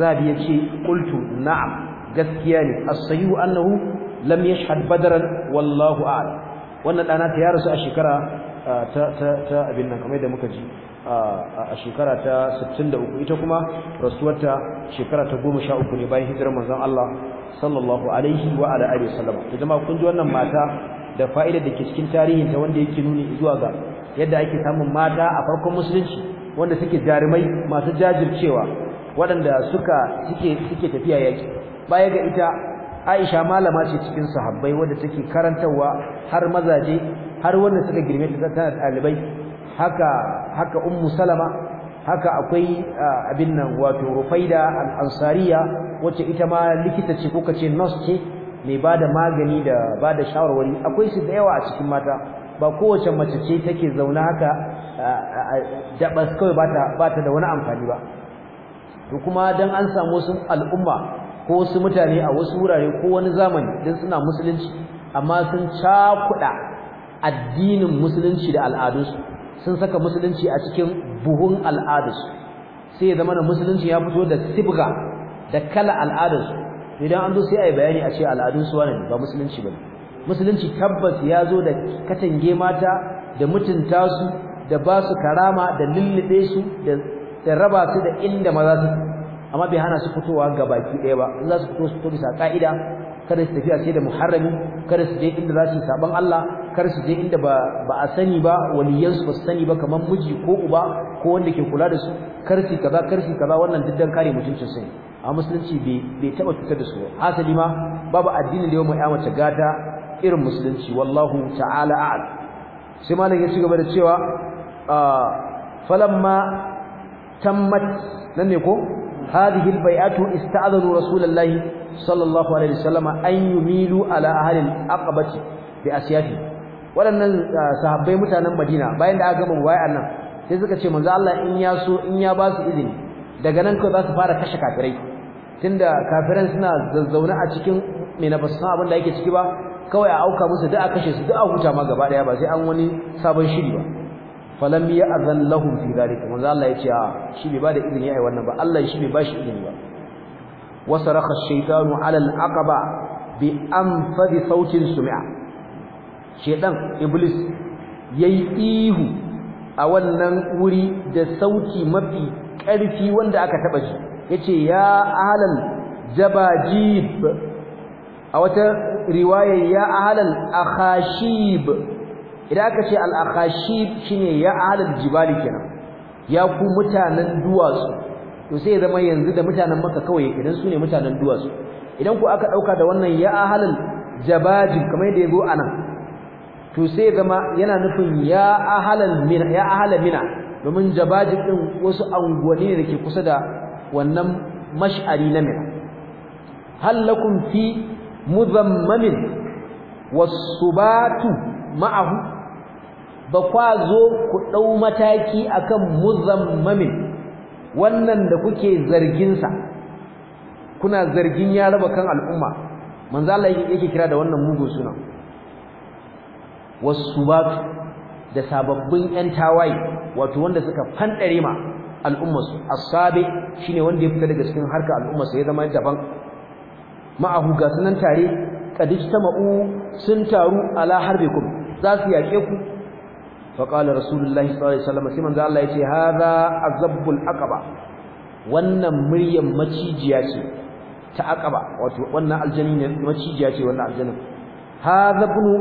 zabi yace qultu na'am gaskiya ne as-sahih annahu lam yashhad badran wallahu a'lam wannan dana ta ya rasu a shekara uh, ta ta abin nan kamar da muka ji a shekara ta 63 ita kuma rasuwarta shekara ta 13 ne bayan hijirar manzon Allah sallallahu alaihi wa ala alihi wasallam to jama'a kun ji wannan mata da fa'ida da ke cikin tarihin ta wanda yake nuni zuwa ga yadda ake samun mata a farkon musulunci wanda suke jarumai masu jajircewa waɗanda suka suke suke tafiya yaki baya ga ita Aisha malama ce cikin sahabbai wadda take karantarwa har mazaje har wanda suka girme ta tana ɗalibai haka haka ummu salama haka akwai abin nan wato rufaida al-ansariya wacce ita ma likita ce kuka ce nurse ce mai bada magani da bada shawarwari akwai su da yawa a cikin mata ba kowace mace ce take zauna haka dabas kawai bata bata da wani amfani ba to kuma dan an samu sun al'umma ko wasu mutane a wasu wurare ko wani zamani dan suna musulunci amma sun cakuɗa addinin musulunci da al'adunsu sun saka musulunci a cikin buhun al'adarsu sai ya zama da musulunci ya fito da sibga da kala al'adarsu idan an zo sai a yi bayani a ce al'adunsu wane ba musulunci ba musulunci tabbas ya zo da katange mata da mutunta su da ba su karama da lullube su da raba su da inda maza su amma bai hana su fitowa ga baki ɗaya ba in za su fito su fito bisa ka'ida kada su tafiya sai da muharrami kada su je inda za su yi saban Allah kar su je inda ba ba a sani ba waliyansu ba su sani ba kamar miji ko uba ko wanda ke kula da su kar su kaza kar su kaza wannan duk dan kare mutuncin su a musulunci bai bai taba cutar da su hasali ma babu addinin da yau mai gata irin musulunci wallahu ta'ala a'lam sai malam ya ci gaba da cewa falamma tammat nan ne ko هذه البيعات استأذنوا رسول الله صلى الله عليه وسلم أن يميلوا على أهل الأقبة بأسيافهم waɗannan ah, sahabbai mutanen Madina bayan da aka gama mubayi'an nan sai suka ce manzo Allah in ya so in ya ba su izini daga nan kawai za su fara kashe kafirai tunda kafiran suna zazzauna a cikin me na basu san abin da yake ciki ba kawai a auka musu duk a kashe su duk a huta ma gaba daya ba sai an wani sabon shiri ba falam ya'zan lahum fi dhalika manzo Allah ya ce a shi bai ba da izini ai wannan ba Allah shi bai ba shi izini ba wasarakha ash-shaytanu 'ala al-aqaba bi anfadhi sautin sumi'a shedan iblis yayi ihu a wannan wuri da sauti mafi ƙarfi wanda aka taba shi yace ya ahlal jabajib a wata riwaya ya ahlal akhashib idan aka ce al akhashib shine ya ahlal jibali kenan ya ku mutanen duwatsu to sai zama yanzu da mutanen maka kawai idan su ne mutanen duwatsu idan ku aka dauka da wannan ya ahlal jabajib kamar yadda yazo anan to sai zama yana nufin ya ahalal mina ya ahala mina domin jabaji din wasu angwani ne dake kusa da wannan mash'ari na mina hal lakum fi mudhammamin wasubatu ma'ahu ba kwa zo ku dau mataki akan mudhammamin wannan da kuke zargin sa kuna zargin ya raba kan al'umma manzo Allah yake kira da wannan mugun sunan wasubat da sababbin ƴan tawaye wato wanda suka fandare ma al'ummar su asabi shine wanda ya fita daga cikin harka al'ummar sa ya zama daban ma'ahu ga sunan tare qadijtama'u sun taru ala harbikum za su yake ku fa qala rasulullahi sallallahu alaihi wasallam sai manzo Allah yace hadha azabbul aqaba wannan muryar macijiya ce ta aqaba wato wannan aljani macijiya ce wannan aljanin hadha bunu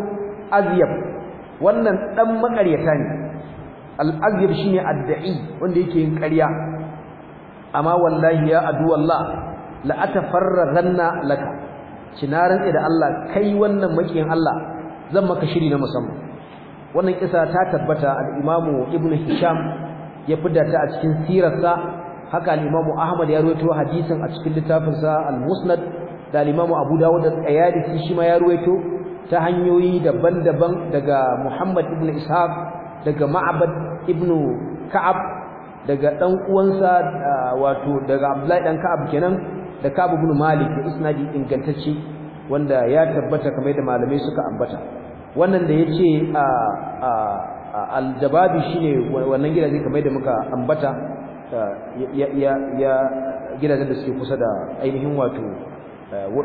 azyab wannan dan makaryata ne al-azib shine adda'i wanda yake yin ƙarya amma wallahi ya adu wallah la atafarraganna laka cinaran da Allah kai wannan makiyin Allah zan maka shiri na musamman wannan kisa ta tabbata al-imamu ibnu hisham ya fidda ta a cikin sirarsa haka al-Imam Ahmad ya ruwaito hadisin a cikin littafin sa al-Musnad da al-Imam Abu Dawud da shi ma ya ruwaito ta hanyoyi daban-daban daga Muhammad ibn Ishaq daga Ma'bad ibn Ka'ab daga dan uwansa wato daga Abdullahi dan Ka'ab kenan da Ka'ab ibn Malik da isnadi ingantacce wanda ya tabbata kamar da malamai suka ambata wannan da yace a Al-Jababi al-jababi shine wannan gidaje kamar da muka ambata ya ya gidajen da suke kusa da ainihin wato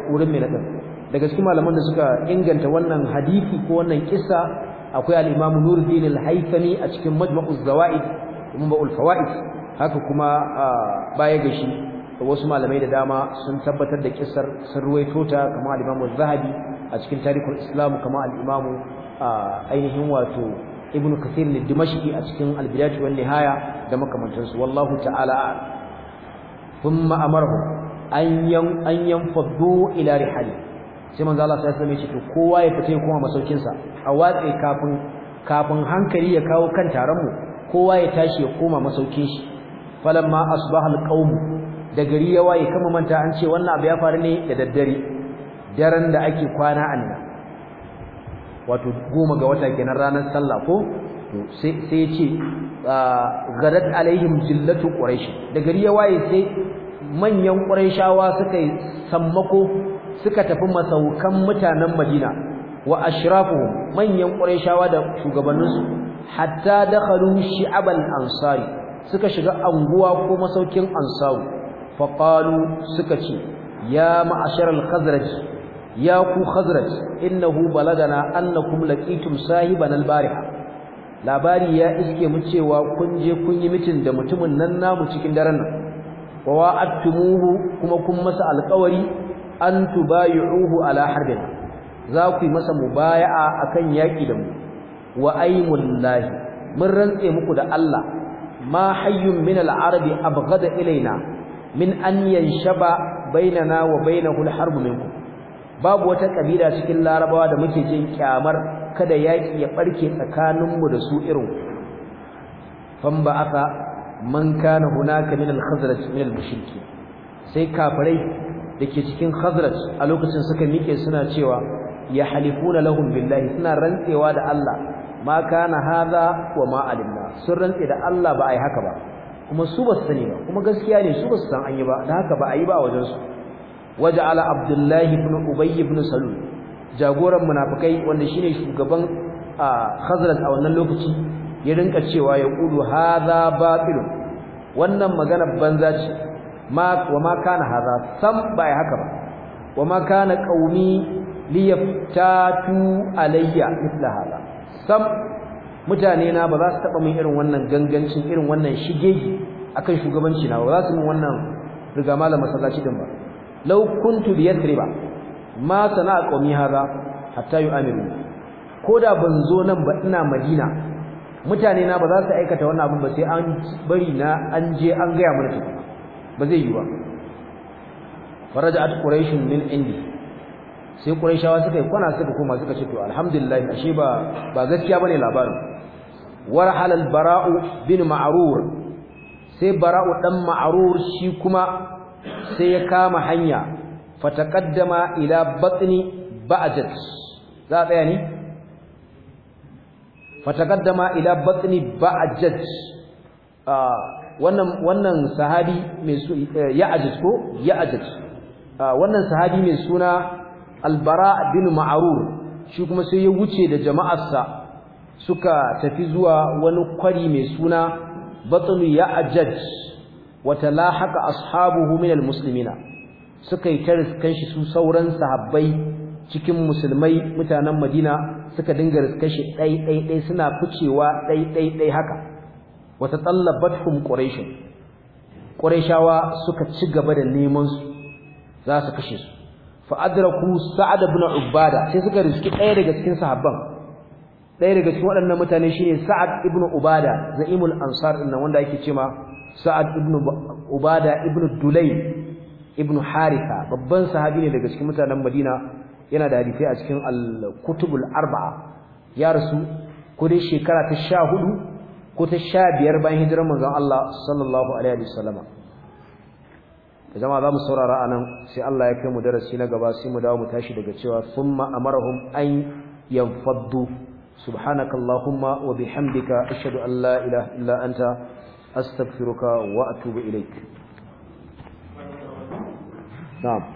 wurin mai nadin daga cikin malaman da suka inganta wannan hadisi ko wannan kissa akwai al-Imam Nuruddin al-Haythami a cikin Majma'uz Zawaid kuma ba'ul Fawaid haka kuma baya ga shi wasu malamai da dama sun tabbatar da kissar sun ruwaito ta kamar al-Imam Az-Zahabi a cikin Tarikhul Islam kamar al-Imam ainihin wato Ibn Kathir al-Dimashqi a cikin Al-Bidayah wal Nihaya da makamantansu wallahu ta'ala ثم An أن ينفضوا ila رحالهم sai manzo Allah sai alaihi wasallam ya to kowa ya fice ya masaukin sa a watsi kafin kafin hankali ya kawo kan taron mu kowa ya tashi ya koma masaukin shi falamma asbaha alqaum da gari ya waye kuma manta an ce wannan abu ya faru ne da daddare daren da ake kwana annan wato goma ga wata kenan ranar sallah ko to sai sai ya ce ah, garat alaihim jillatu quraish da gari ya waye sai manyan quraishawa suka yi sammako suka tafi masaukan mutanen Madina wa ashrafuhum manyan Qurayshawa da shugabanninsu hatta dakhalu shi'abal ansari suka shiga anguwa ko masaukin ansaru faqalu suka ce ya ma'asharal khazraj ya ku khazraj innahu baladana annakum laqitum sahiban al-bariha labari ya iske mu cewa kun je kun yi mitin da mutumin nan namu cikin daren nan wa wa'adtumuhu kuma kun masa alƙawari an tubayi'uhu ala harbin za ku yi masa mubaya'a akan yaki da mu wa lahi mun rantse muku da Allah ma hayyun min al-arabi abghada ilaina min an yanshaba bainana wa bainahu al-harb minkum babu wata kabila cikin larabawa da muke jin kyamar kada yaki ya barke mu da su irin fam aka man kana hunaka min al-khazraj min al mushriki sai kafirai dake cikin Khazraj a lokacin suka mike suna cewa ya halifuna lahum billahi suna rantsewa da Allah ma kana hadha wa ma alimna sun rantse da Allah ba ai haka ba kuma su ba su sani ba kuma gaskiya ne su ba su san an yi ba da haka ba a ba a wajen su waja'ala abdullahi ibn ubay ibn salul jagoran munafikai wanda shine shugaban Khazraj a wannan lokaci ya rinka cewa ya qulu hadha batil wannan magana banza ce ma wa ma kana hadha sam bai haka ba wa ma kana qaumi liyaftatu alayya mithla hadha sam mutane na ba za su taba min irin wannan gangancin irin wannan shigegi akan shugabanci na ba za su min wannan riga malam masallaci din ba law kuntu bi yathriba ma sana qaumi hadha hatta yu'amiru koda ban zo nan ba ina madina mutane na ba za su aikata wannan abin ba sai an bari na an je an gaya mana tukuna ba zai yi ba faraja'at quraishun min indi sai quraishawa suka yi kwana suka koma suka ce to alhamdulillah ashe ba ba gaskiya bane labarin warhal bara'u bin ma'rur sai bara'u dan ma'rur shi kuma sai ya kama hanya fataqaddama ila batni ba'jat za tsaya ne fataqaddama ila batni ba'jat ah, wannan wannan sahabi mai eh, ko ah, wannan sahabi mai suna albara bin ma'arur shi kuma sai ya wuce da jama'arsa suka tafi zuwa wani kwari mai suna batnu Ya'ajaj, wata lahaka ashabuhu minal muslimina suka yi tariskan shi su sauran sahabbai cikin musulmai mutanen Madina suka dinga rikashi shi ɗai ɗai suna ficewa ɗai-ɗai-ɗai haka wata tallabathum quraish quraishawa suka ci gaba da neman su za su kashe su fa adraku sa'ad ubada sai suka riski ɗaya daga cikin sahabban ɗaya daga cikin waɗannan mutane shine sa'ad ibn ubada za'imul ansar din wanda ce cewa sa'ad ibn ubada ibn Dulai, ibn Harika. babban sahabi ne daga cikin mutanen madina yana da hadisi a cikin al-kutubul arba'a ya rasu kudin shekara ta sha hudu. ko ta sha biyar bayan hijirar manzon Allah sallallahu alaihi wasallama jama'a za saurara anan sai Allah ya kai mu darasi na gaba sai mu dawo mu tashi daga cewa summa amarahum an yanfaddu subhanakallahumma wa bihamdika ashhadu an la ilaha illa anta astaghfiruka wa atubu ilaik na'am